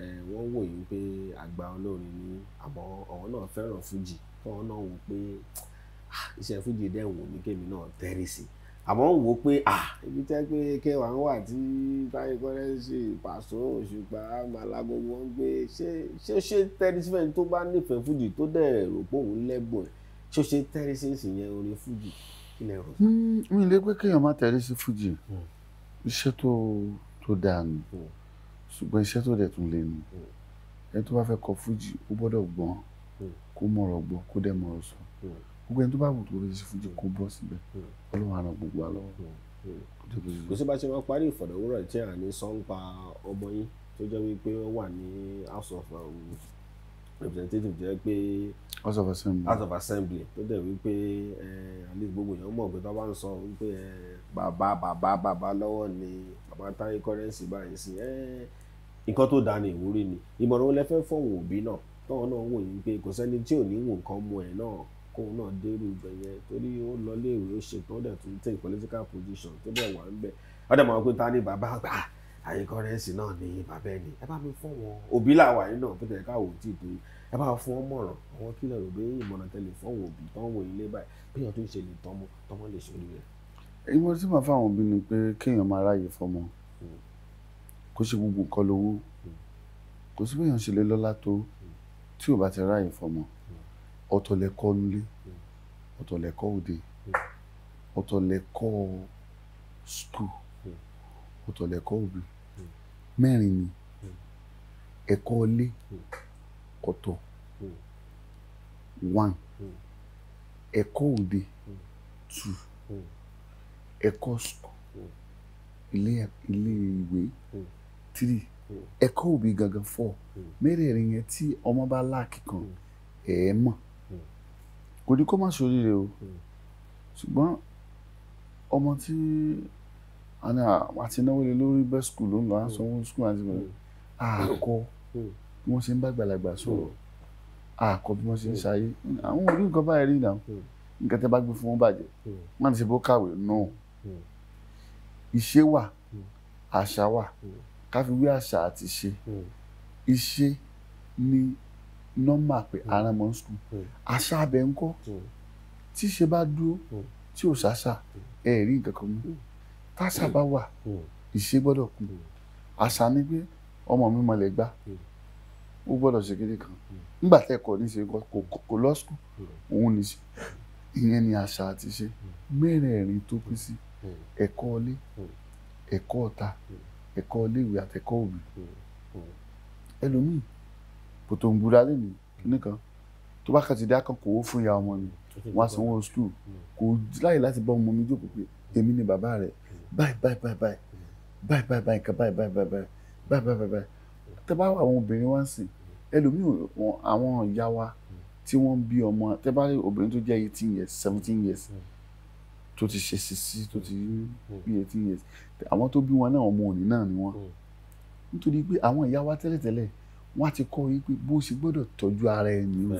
eh, wọ́n wò yín pé àgbà olórin ni àmọ́ àwọn náà fẹ́ràn fújì tó wọn náà wò pé iṣẹ́ fújì dẹ̀ wò kémi náà tẹ́rì sí àmọ́ wò ó pé ibi tẹ́ pé kẹwàá ń wà tí báyìí kọ́rẹ́sì pàṣọ òṣùpá màlágbó wọn gbé ṣé ṣé ṣé tẹ́rì sí fẹ́ni tó bá nífẹ̀ẹ́ fújì tó dẹ̀ rò pé òun lẹ́gbọ̀n ṣé ṣé tẹ́rì sí sì yẹn orin fújì kí lẹ hmm, mi ò lè pé kéèyàn má tẹ̀lé sí fújì hmm. iṣẹ́ tó tó dáa ni hmm. ṣùgbọ́n iṣẹ́ tó dẹ̀ tún lé ni ẹni tó bá fẹ́ kọ fújì ó gbọ́dọ̀ gbọ́n kó mọ̀rọ̀ gbọ́ kó dẹ̀ mọ̀rọ̀ sọ gbogbo ẹni tó bá wù tó bẹ ṣe fújì kó bọ́ síbẹ̀ hmm. ọlọ́run àràn gbogbo wa lọ́wọ́. Hmm. Hmm. kò sí bá ṣe máa parí ìfọ̀rọ̀wérọ̀ tí à ní sọ́ńpa ọmọ yín tó jẹ́ wípé ó wà ní house of um, representative jẹ́ pé house of assembly house of assembly tó dẹ̀ wípé at least gbogbo èèyàn mọ̀ pé tó bá ń sọ wípé bàbá bàbá bàbá lọ́wọ́ ni bàbá táyé kọ́rẹ́ǹsì báyìí sí nǹkan tó dáa ní ìwúrí ni ìmọ̀ràn olẹ́fẹ́ fọ̀wọ̀n òbí náà tọ́wọ́n náà wò yín pé kò sẹ́ni tí ò ní wò nǹkan mọ ẹ̀ náà kóun náà dérú ibẹ̀ yẹn torí ó lọ léèwé ó ṣetán dẹ̀ tún take political position tó dẹ̀ wà ń bẹ̀ ọdẹ mọ̀ pé ta ni bàbá àgbà àyíkọ́rẹ́sì ah, náà ni bàbá ẹni ẹ bá mi fún wọn òbí làwà yìí náà bó tẹ̀ káwọ́ tí ì pé ẹ bá fún wọn mọ̀ràn àwọn kílẹ̀ rò pé ìmọ̀ràn tẹ̀lé fún àwọn òbí tán wọ ilé báyìí bí wọn tó ń ṣe lè tọmọ tọmọ lè ṣòrí rẹ. ìwọ tí màá fáwọn òbí ni pé kéèyàn máa ráàyè fọmọ hmm. kó ṣe gbogbo nǹkan lówó hmm. kò sí bẹ́ẹ̀ yàn ṣe lè lọ́lá tó hmm. tí ò bá ti ráàyè fọmọ ọ̀tọ̀ lẹ̀kọ́ nílé ọ̀tọ̀ lẹ̀kọ́ òde ọ̀tọ̀ lẹ̀kọ́ skul ọ̀tọ̀ lẹ̀kọ́ òbí mẹ́rin ni ẹ̀kọ́ ilé kọ̀tọ̀ one ẹ̀kọ́ òde two ẹ̀kọ́ skul ilé ìwé three ẹ̀kọ́ òbí gangan four mẹ́rẹ̀ẹ̀rin yẹn tí ọmọ bá láàkì kan ẹ̀ mọ̀ kò ní kó má ṣoríire o hmm. ṣùgbọ́n ọmọ tí àti náwó lé lórí best school ló ń lọ hmm. sanwó school àti àkọ́ hmm. bí wọ́n ṣe ń bá gbàlagbà sọ̀rọ̀ àkọ́ bí wọ́n ṣe ń ṣayé àwọn orí nǹkan báyìí rí náà nǹkan tẹ́ bá gbé fún wọn bàjẹ́ wọ́n ti ṣe bó kàwé náà ìṣe wà àṣà wà káfíwé àṣà àti ṣe iṣẹ́ ni nọ́mbà pe hmm. ara mọ̀ ń sùn àṣà hmm. abẹ ń kọ́ hmm. tí ṣe bá dúró tí ò ṣàṣà ẹ rí nǹkan kan mú táṣà bá wà ìṣe gbọ́dọ̀ kún àṣà ni pé ọmọ mi mọ̀lẹ́ gbá ó gbọ́dọ̀ ṣe kéde kan nígbà tẹ́ kọ́ ní ṣe kò lọ sùn òun ní ṣe ìyẹn ni àṣà àti ṣe mẹ́rẹ̀ẹ̀rin tó pín sí ẹ̀kọ́ ilé ẹ̀kọ́ ọ̀ta ẹ̀kọ́ iléèwé àtẹ̀kọ́ òbí ẹlòmíì pòtòǹgbùdá lè ní nìkan tó bá kàn ti dá kan kò ó fún ìyá ọmọ ni wọn á sanwó skul hmm. kò láyè láti bá ọmọ mi jókòó pé èmi ni bàbá rẹ hmm. báyìí báyìí báyìí báyìí hmm. báyìí báyìí báyìí nǹkan báyìí báyìí báyìí báyìí báyìí báyìí tẹ bá àwọn obìnrin wá sìn ẹlòmíì àwọn ìyá wa tí wọ́n bí ọmọ tẹ bá rí obìnrin tó jẹ́ eighteen years seventeen years tó ti ṣe sisi tó ti bí eighteen years àwọn tó bí wọn náà ọmọ òní náà ni wọn nítorí pé àwọn ìyá wa tẹ́lẹ̀tẹ́lẹ̀ wọ́n á ti kọ́ yín pé bó ṣe gbọ́dọ̀ tọ́jú ara ẹni o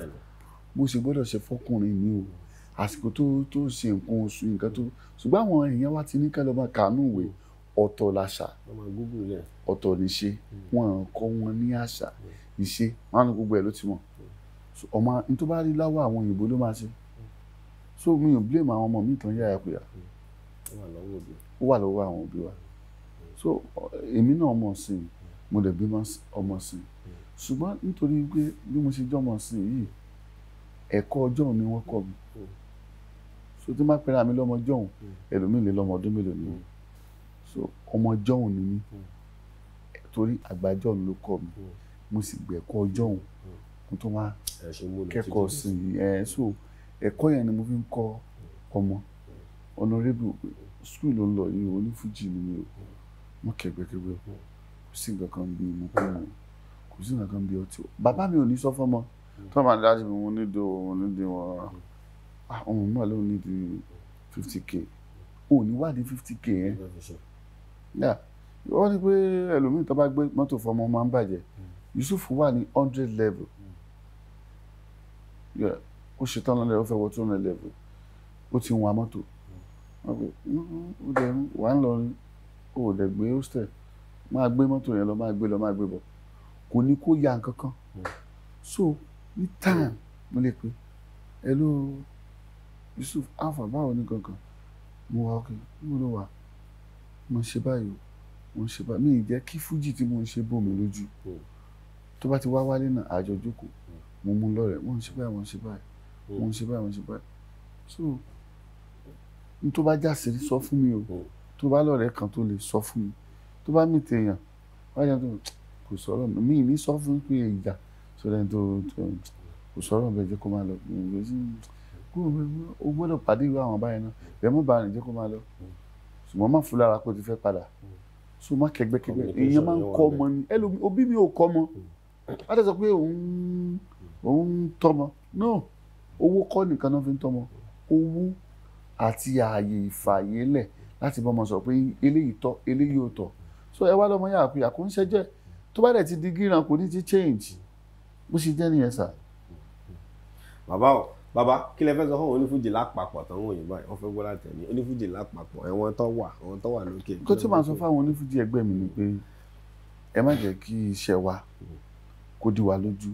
bó ṣe gbọ́dọ̀ ṣe fọ́kùnrin ni o àsìkò tó tó ṣe nǹkan oṣù nǹkan tó ṣùgbọ́n àwọn èèyàn wa ti ní kẹ́ lọ máa kàánú ìwé ọ̀tọ̀ làṣà ọ̀tọ̀ níṣe hmm. wọn kọ́ wọn ní àṣà hmm. ìṣe wọn á ní gbogbo ẹ̀ ló ti mọ̀ hmm. ọmọ ní bá rí láwọ àwọn òyìnbó ló máa ṣe so mi ò blame àwọn ọmọ mi tán yára pè á ó wà lọ́wọ́ àwọn òbí wa so èmi náà ọmọ sìn mo lè bímọ ọmọ sìn ṣùgbọ́n nítorí pé bí mo ṣe jọmọ sí yìí ẹ̀kọ́ ọjọ́ mi wọ́n kọ́ mi hmm. so tí má pẹ́ra mi lọ́mọ jọ̀hún hmm. ẹlòmíì lè lọ́mọ ọdún mélòó ni hmm. so ọmọ jọ̀hún ni mí torí àgbájọ́ ló kọ́ mi mo sì gbẹ̀kọ́ jọ̀hún mo tó wá kẹ́kọ̀ọ́ sí i so ẹ̀kọ́ yẹn ni mo fi ń kọ́ ọmọ ọ̀nàrẹ́bù skul ló ń lọ yìí onífújì ni mi ò mọ̀ kẹ́gbẹ́kẹ́gbẹ́ kò sí nǹkan bí mo kọ́ mọ́ kò sí nǹkan bí ọtí bàbá mi ò ní sọ fọmọ tó máa dájú pé wọn nídìí wọn nídìí wọn àwọn ọmọ ló nídìí fifty k ò ní wádìí fifty k yẹn wọ́n ní pé ẹlòmíì tó bá gbé mọ́tò fọmọ máa ń bàjẹ́ hmm. Yusuf wà ní hundred level hmm. ó ṣetán lọ́lẹ̀ ó fẹ́ wọ two hundred level ó ti ń wa mọ́tò hmm. mm-hmm, ó dẹ̀ wà ń lọrin ó dẹ̀ gbé hostel máa gbé mọ́tò yẹn lọ máa gbé lọ máa gbé bọ̀ kò ní kó ya nǹkan kan so ní time mo lè pe hello Yusuf alfa báwo ní gangan mo wà ok mo lọ wà mo ṣe báyìí o mo ṣe báyìí mi ì jẹ́ kí fújì tí mo ń ṣe bò lójú tó bá ti wá wálé náà àjọ jókòó mo mú lọ́rẹ̀ mo ń ṣe báyìí mo ń ṣe báyìí mo ń ṣe báyìí mo ń ṣe báyìí so n tó bá jáse sọ fún mi o tó bá lọ́rẹ̀ kan tó lè sọ fún mi tó bá mìtì èèyàn wáyé tó kò sọ̀rọ̀ mi mi sọ fún pé ìjà sọ̀rọ̀ ẹni tó kò sọ̀rọ̀ bẹ́ẹ̀ jẹ́ kó máa lọ o gbọ́dọ̀ pàdé irú àwọn báyìí náà bẹ́ẹ̀ mú bàrìn jẹ́ kó máa lọ ṣùgbọ́n má fún lára kó ti fẹ́ padà so má kẹgbẹ́kẹgbẹ́ èèyàn máa ń kọ́ ọmọ ni ẹlòmí òbí mi ò kọ́ ọmọ wọ́n ti sọ pé òun òun tọ́mọ no owó kọ́ nìkan náà fi ń tọ́mọ owó àti ààyè ìfààyè lẹ̀ láti bọ́ ọmọ sọ pé eléyìí tọ́ eléyìí ò tọ́ so ẹ wá lọ́mọ yàrá pé àkóńṣẹ́jẹ́ tó bá dẹ̀ ti di gíran kò ní ti change bó ṣe jẹ́ nìyẹn sà. bàbá o bàbá kí lẹ fẹ́ sọ fún onífújì lápapọ̀ tó ń wòye báyìí wọ́n fẹ́ gbọ́ láti ẹ̀mí lápapọ̀ ẹ̀wọ̀n tó wà ẹ̀wọ̀n tó wà lókè. kó tí màá sọ fáwọn onífújì ẹgbẹ́ mi ni pé ẹ má jẹ́ kí iṣẹ́ wa kó dí wa lójú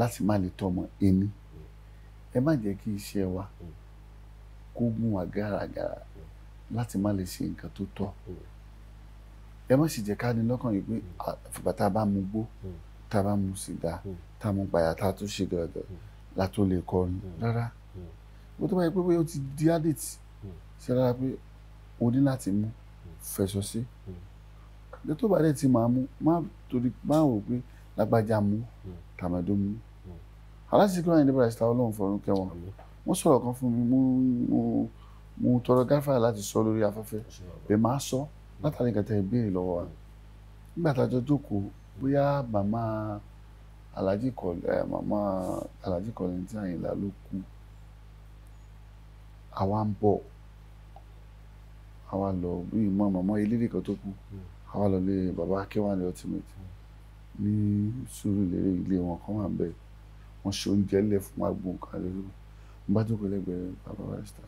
láti má lè tọmọ ẹni ẹ má jẹ́ kí iṣẹ́ wa kó gún wa gàràgàrà láti má lè ṣe nǹkan tó tọ́ ẹ má sì jẹ́ ká ní lọ́kàn yìí pé àfìgbà tá a bá mu gbó hmm. tá a bá mu sìgá hmm. tá a mu pàyà tá a tún ṣe dọ̀dọ̀ hmm. la tó lè kọrin rárá bó tó bá yẹ pé bóyá o ti di addict ṣe rárá pé o ní láti mú fẹsọ sí ní tó bá dẹ̀ ti máa mú má torí má rò pé lágbájá mú tàmẹ́dó mú aláṣìkò àyìndé bàrẹ̀ síta ọlọ́run fọ̀run kẹwọn wọ́n sọ̀rọ̀ kan fún mi mo tọrọ gáfà láti sọ lórí afẹ́fẹ́ bẹ́ẹ̀ máa sọ. So látàrí nǹkan tẹ́ ẹ béèrè lọ́wọ́ wa nígbà tá a jọ jókòó bóyá màmá alhaji kọlẹ màmá alhaji kọlẹ tí àyìnlá ló kú àwa ń bọ̀ àwa lọ bí ìmọ̀ màmá eléré kan tó kú àwa lọ lé bàbá akéwàlẹ̀ ultimate ní Sùúrùlérè ilé wọn kọ́ wà bẹ́ẹ̀ wọ́n ṣe oúnjẹ lẹ̀ fún agbóǹkan lérò ń bá jókòó lẹ́gbẹ̀ẹ́ bàbá barrister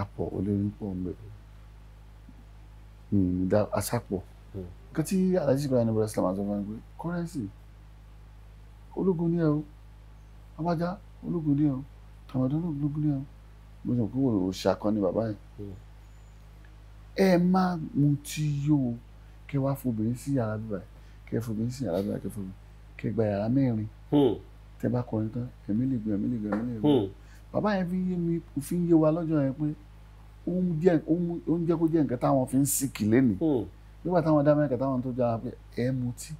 àpọ̀ olórí pọ̀ ń bẹ̀rẹ̀ ìdá àṣàpọ̀ nǹkan tí alájí báyìí ní bọ́lá islam àti ọmọ ẹgbẹ́ kọ́rẹ́nsì ológun ní ẹ o abájá ológun ní ẹ o tàmádọ́ ológun ní ẹ o mo sọ pé òòṣà kan ní bàbá yìí ẹ má mutí yó o kẹ wá fobìnrin sí yàrá bíbá yìí kẹ fobìnrin sí yàrá bíbá yìí kẹ fobìnrin kẹ gba yàrá mẹ́rin tẹ bá kọrin tán ẹ̀mí lè gbé ẹ̀mí lè gbé ẹ̀mí lè gbé bàbá yẹn fi ń yé mi fi ń yé wa lọ́jọ́ yẹn pé oúnjẹ kó jẹ́ nǹkan táwọn fi ń sìkì lẹ́nìí hmm. nígbà táwọn dá mẹ́rin kàtàwọn tó jára pé ẹ mutí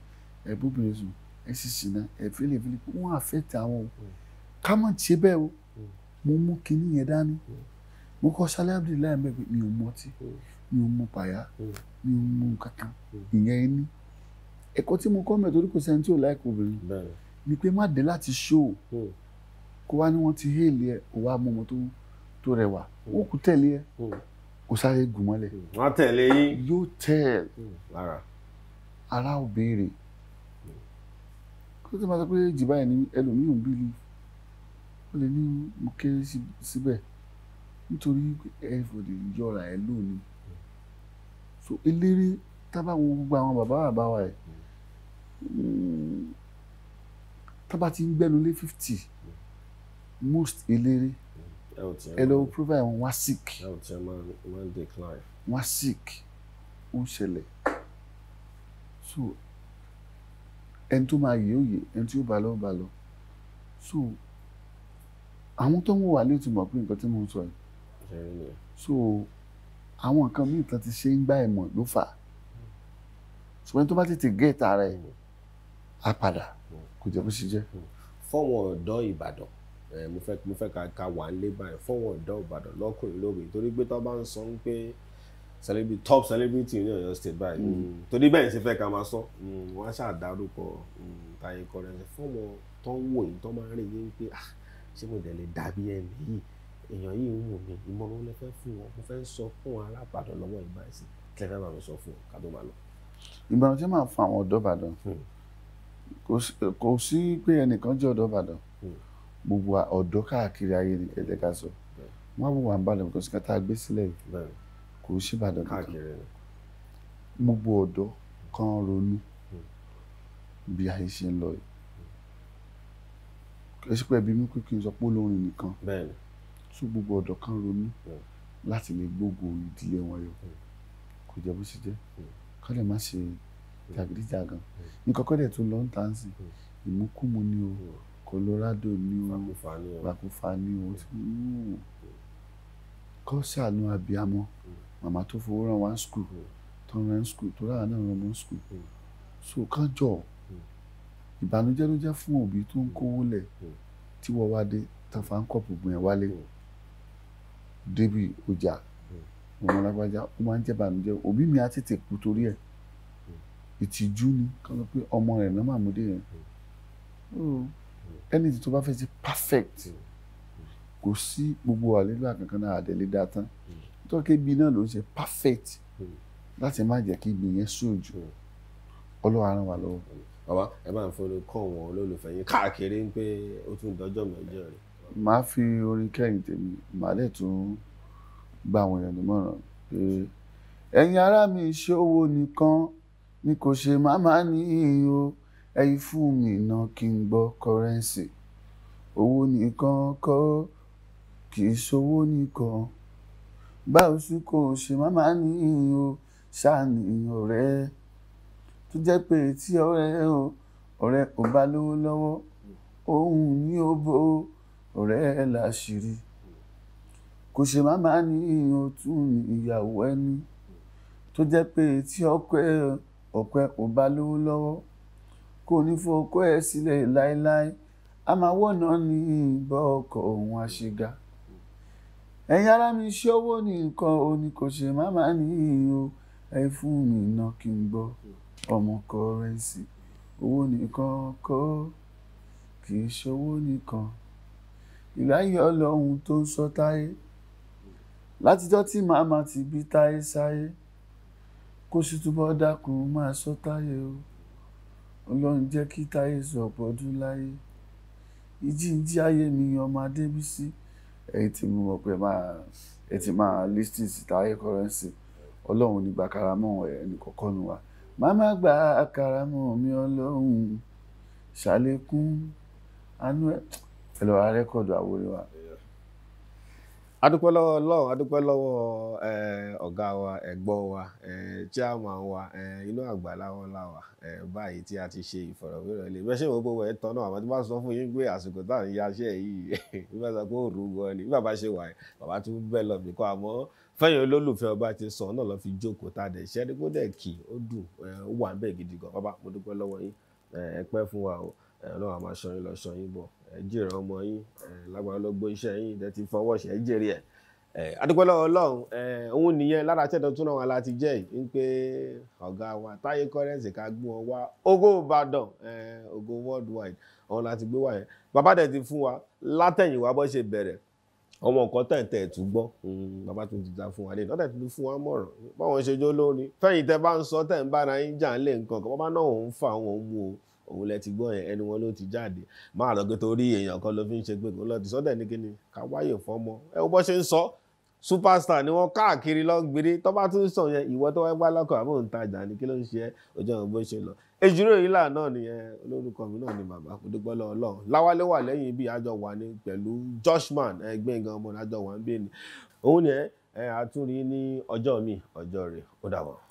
ẹ bóbìnrin sùn ẹ sì ṣìnà ẹ fílẹ̀ fílẹ̀ wọ́n àfẹ́tẹ̀ àwọn o hmm. ká mọ̀ ṣe bẹ́ẹ̀ o hmm. mo mú kinní yẹn dání mo kọ́ sálẹ́ abdullahi bẹ́ẹ̀ pé mi ò mọtí mi ò mu pàyà mi ò mu kankan ìyẹn ẹni ẹ̀kọ́ tí mo kọ́ mẹ́ẹ̀ torí kò sẹ́ni tí ò láìkò obìnrin ni pé má dé láti ṣó o kó wá ní wọ́n ti héèlì ẹ̀ òwá mọ́mọ́ tó wù tó rẹwà ó kù tẹ̀lé ẹ hmm. kò sáré gùn mọ́lẹ̀. Hmm. wọ́n tẹ̀lé yín. yóò tẹ̀ ẹ́ hmm. lára. ara ò béèrè. kó tó máa sọ pé jìbá yẹn ni ẹlòmíì ò ń bìlì ó lè ní mo kéré síbẹ̀ nítorí everybody yọra ẹ lónìí. so eléré tábà wo gbogbo àwọn bàbá bàbá wa ẹ̀ tábà ti ń gbẹ́nu lé fifty most eléré ẹlọ provide wọn wá sick wá sick ó ń ṣẹlẹ̀ so ẹni tó máa yè ó yè ẹni tí ó bá lọ ó bá lọ so àwọn tó ń wò ní ìtumọ̀ pé nǹkan tí mo ń sọ yìí so àwọn nǹkan míì tán ti ṣe ń gbá ẹ̀mọ̀ ló fà ṣùgbọ́n ẹni tó bá tètè gé ìta rẹ̀ á padà hmm. kò jẹ́ bó ṣe jẹ́. Hmm. fọ́wọ́n ọ̀dọ́ Ìbàdàn mo fẹ́ mo fẹ́ ká wà ń lé báyìí fọwọ́ ọ̀dọ́ ìbàdàn lọ́kùnrin lóbìn torí pé tó bá ń sọ pé celebrity top celebrity ní Ọ̀yọ́ state báyìí hmm. Hmm, torí bẹ́ẹ̀ ṣe fẹ́ ká máa sọ hmm, wọ́n á ṣáà dárúkọ Táyé Currency fọ́mọ tó ń wò yìí tó máa ń rìn yín pé ah ṣé mo dẹ̀ lè dàbí ẹni yìí èèyàn yìí ń wò mí ìmọ̀ràn lè fẹ́ fún wọn mo fẹ́ sọ fún ará Ìbàdàn lọ́wọ́ ìbáyìí tẹ́ kò sí pé ẹnìkan jẹ́ ọ̀dọ́ Ìbàdàn gbogbo ọ̀dọ́ káàkiri ayé ni ẹ jẹ́ ká sọ wọ́n á wò wá ń balẹ̀ nǹkan síkà tá a gbé sílẹ̀ yìí kò sí Ìbàdàn kankan gbogbo ọ̀dọ́ kan ronú hmm. bí ayé ṣe ń lọ yìí ẹ sì pé ẹbí mi kí n sọ pé olórin nìkan tún gbogbo ọ̀dọ́ kan ronú láti lè gbógun ìdílé wọn yọ hmm. kò jẹ́ bó ṣe jẹ́ hmm. ká lè má ṣe jàgídíjàgan nǹkan kọ́ dẹ̀ tó lọ́ńtà ń sìn ìmúkúmu ni o. Colorado ni o Bakofa ni o hmm. kọ́ ṣàánú abiyamọ hmm. màmá tó fowó ràn wá skul tó ràn tó rà náà ràn mọ́ skul so kán jọ hmm. ìbànújẹ́ ló jẹ́ fún òbí tó ń kówó lẹ̀ tí wọ́n wá dé tafa ń kọ̀pù bùn ẹ̀ wálé débi ọjà ọmọ alágbájá ó máa ń jẹ́ ìbànújẹ́ òbí mi á tètè kú torí ẹ̀ ìtìjú ni kán lọ pé ọmọ rẹ̀ náà màmúdé yẹn. Oh anything tó bá fẹ́ ti perfect mm. kò sí gbogbo àléébù kankan náà àdẹ̀lé dá tán mm. nítorí kébi náà ló ń ṣe perfect mm. láti má jẹ́ kí ibi yẹn sójú ọlọ́wọ́ aràn wà lọ́wọ́. bàbá ẹ bá ń fọlọ kọ wọn olólùfẹ́ yín káàkiri ń pé ó tún dọjọ́ mẹ́jọ rẹ̀. màá fi orin kẹ́yìn tèmi màá dẹ̀ tún gba àwọn èèyàn nímọ̀ràn pé ẹ̀yin ará mi ṣòwò nìkan ni kò ṣe máa máa ní Ẹ fún mi ná kí n gbọ́ kọ́rẹ́ǹsì. Owó nìkan kọ́ kì í ṣowó nìkan. Báwo sì kò ṣe má máa ní o ṣáàní ọ̀rẹ́ tó jẹ́ pé tí ọ̀rẹ́ o ọ̀rẹ́ kò bá lówó lọ́wọ́ òun ní ó bo ọ̀rẹ́ láṣìírí. Kò ṣe má máa ní o tún ní ìyàwó ẹni tó jẹ́ pé tí ọ̀pẹ ọ̀pẹ kò bá lówó lọ́wọ́ kò ní fọkọ ẹ sílẹ̀ láéláé a máa wọ̀nà ní ìbọn ọkọ̀ òun àṣegà ẹ̀yin ará mi ṣówó ní nǹkan òní kò ṣe má má ní o ẹ fún mi iná kí n gbọ́ ọmọ kọrẹ́ǹsì owó nìkan kọ́ kì í ṣòwò nìkan ìráyè ọlọ́run tó ń sọ táyé látijọ́ tí màmá ti bí táyé sáyé kó sì túbọ̀ dákun máa sọ táyé o ọlọ́run jẹ́ kí táyé sọ ọ̀pọ̀ ọdún láyé ìjíǹjí ayé mi ọmọ adébísí ẹ̀yin tí mo mọ̀ pé ẹ ti máa listing sí táyé currency ọlọ́run ní gba karamọ́ kọ̀ọ̀kan nu wa má gba karamọ́ mi ọlọ́run ṣàlékún àánú ẹ̀ ẹ rẹ́kọ̀dù àwòrán wa adúpẹ́ lọ́wọ́ ọlọ́run adúpẹ́ lọ́wọ́ ọ̀gá wa ẹ̀gbọ́n wa chairman wa inú àgbàlá wọn láwà báyìí tí a ti ṣe ìfọ̀rọ̀wérọ̀ ilé bẹ́ẹ̀ ṣe wọ́n gbogbo ẹ̀ tán náà àmọ́ tí wọ́n sọ fún yín pé àsìkò tá à ń yaṣẹ́ yìí nígbà tó kó rú gan ni bàbá ṣe wà bàbá tún bẹ́ẹ̀ lọ bìkọ́ àmọ́ fẹ́yìn olólùfẹ́ ọba ti sọ náà lọ fi jókòó tá a dẹ̀ ṣẹ́ ní dẹ̀ kì ó dùn ó wà ń bẹ̀ gidi gan bàbá mo dúpẹ́ lọ́wọ́ yín ẹ pẹ́ fún wa o ọlọ́run àmà sọ yín lọ sọ yín bọ̀ ẹ jèrè ọmọ yín lágbára lọ́gbọ́n iṣẹ́ yín ẹ ti fọwọ́ ṣe ẹ jèrè ẹ̀ adúpẹ́ lọ́wọ́ ọlọ́run òun nìyẹn lára tẹ̀dọ̀ tún náà wà láti jẹ́ yìí ń pé ọ̀gá wa táyé kọ́rẹ́ǹsì ká gbé wọn wá ògo ìbàdàn ògo world wide ọ̀hún láti gbé wá yẹn bàbá dẹ̀ ti fún wa látẹ̀yìn wá bọ́ ṣe bẹ̀rẹ̀ ọmọ nǹkan tẹ̀ǹtẹ̀ ẹ̀ tún gbọ́ bàbá tún ti ta fún wa lé lọ́dẹ̀ tún fún wa mọ̀ràn báwọn ṣe jó lórí fẹ̀yìntẹ́ bá ń sọ tẹ̀ ń bára yín jà ń lé nǹkan kan bàbá náà òun fà òun mú o òun lẹ ti gbọ́ yẹn ẹnu wọn ló ti jáde máa lọ pé torí èèyàn kan ló fi ń ṣe pé kò lọ ti sọ́dẹ̀ ní kíni ká wáyè ẹ bó ṣe ń sọ superstar ni wọn káàkiri lọgbére tó bá tún sàn yẹn ìwọ tó wáyé wá lọkọ àbò ń tajà ní kí ló ń ṣe ẹ ojú ọ̀hún bó ṣe lọ ejúrò yìí lànà nìyẹn olórúkọ mi náà ni bàbá kòdúgbọ́lọ́ ọlọ́run láwálé wà lẹ́yìn ibi àjọ wà ní pẹ̀lú joshman ẹgbẹ́ gan ọmọ àjọ wà ń bẹ́ẹ̀ ni òun ni ẹ àtúrí ní ọjọ́ mi ọjọ́ rẹ̀ ó dàbọ̀.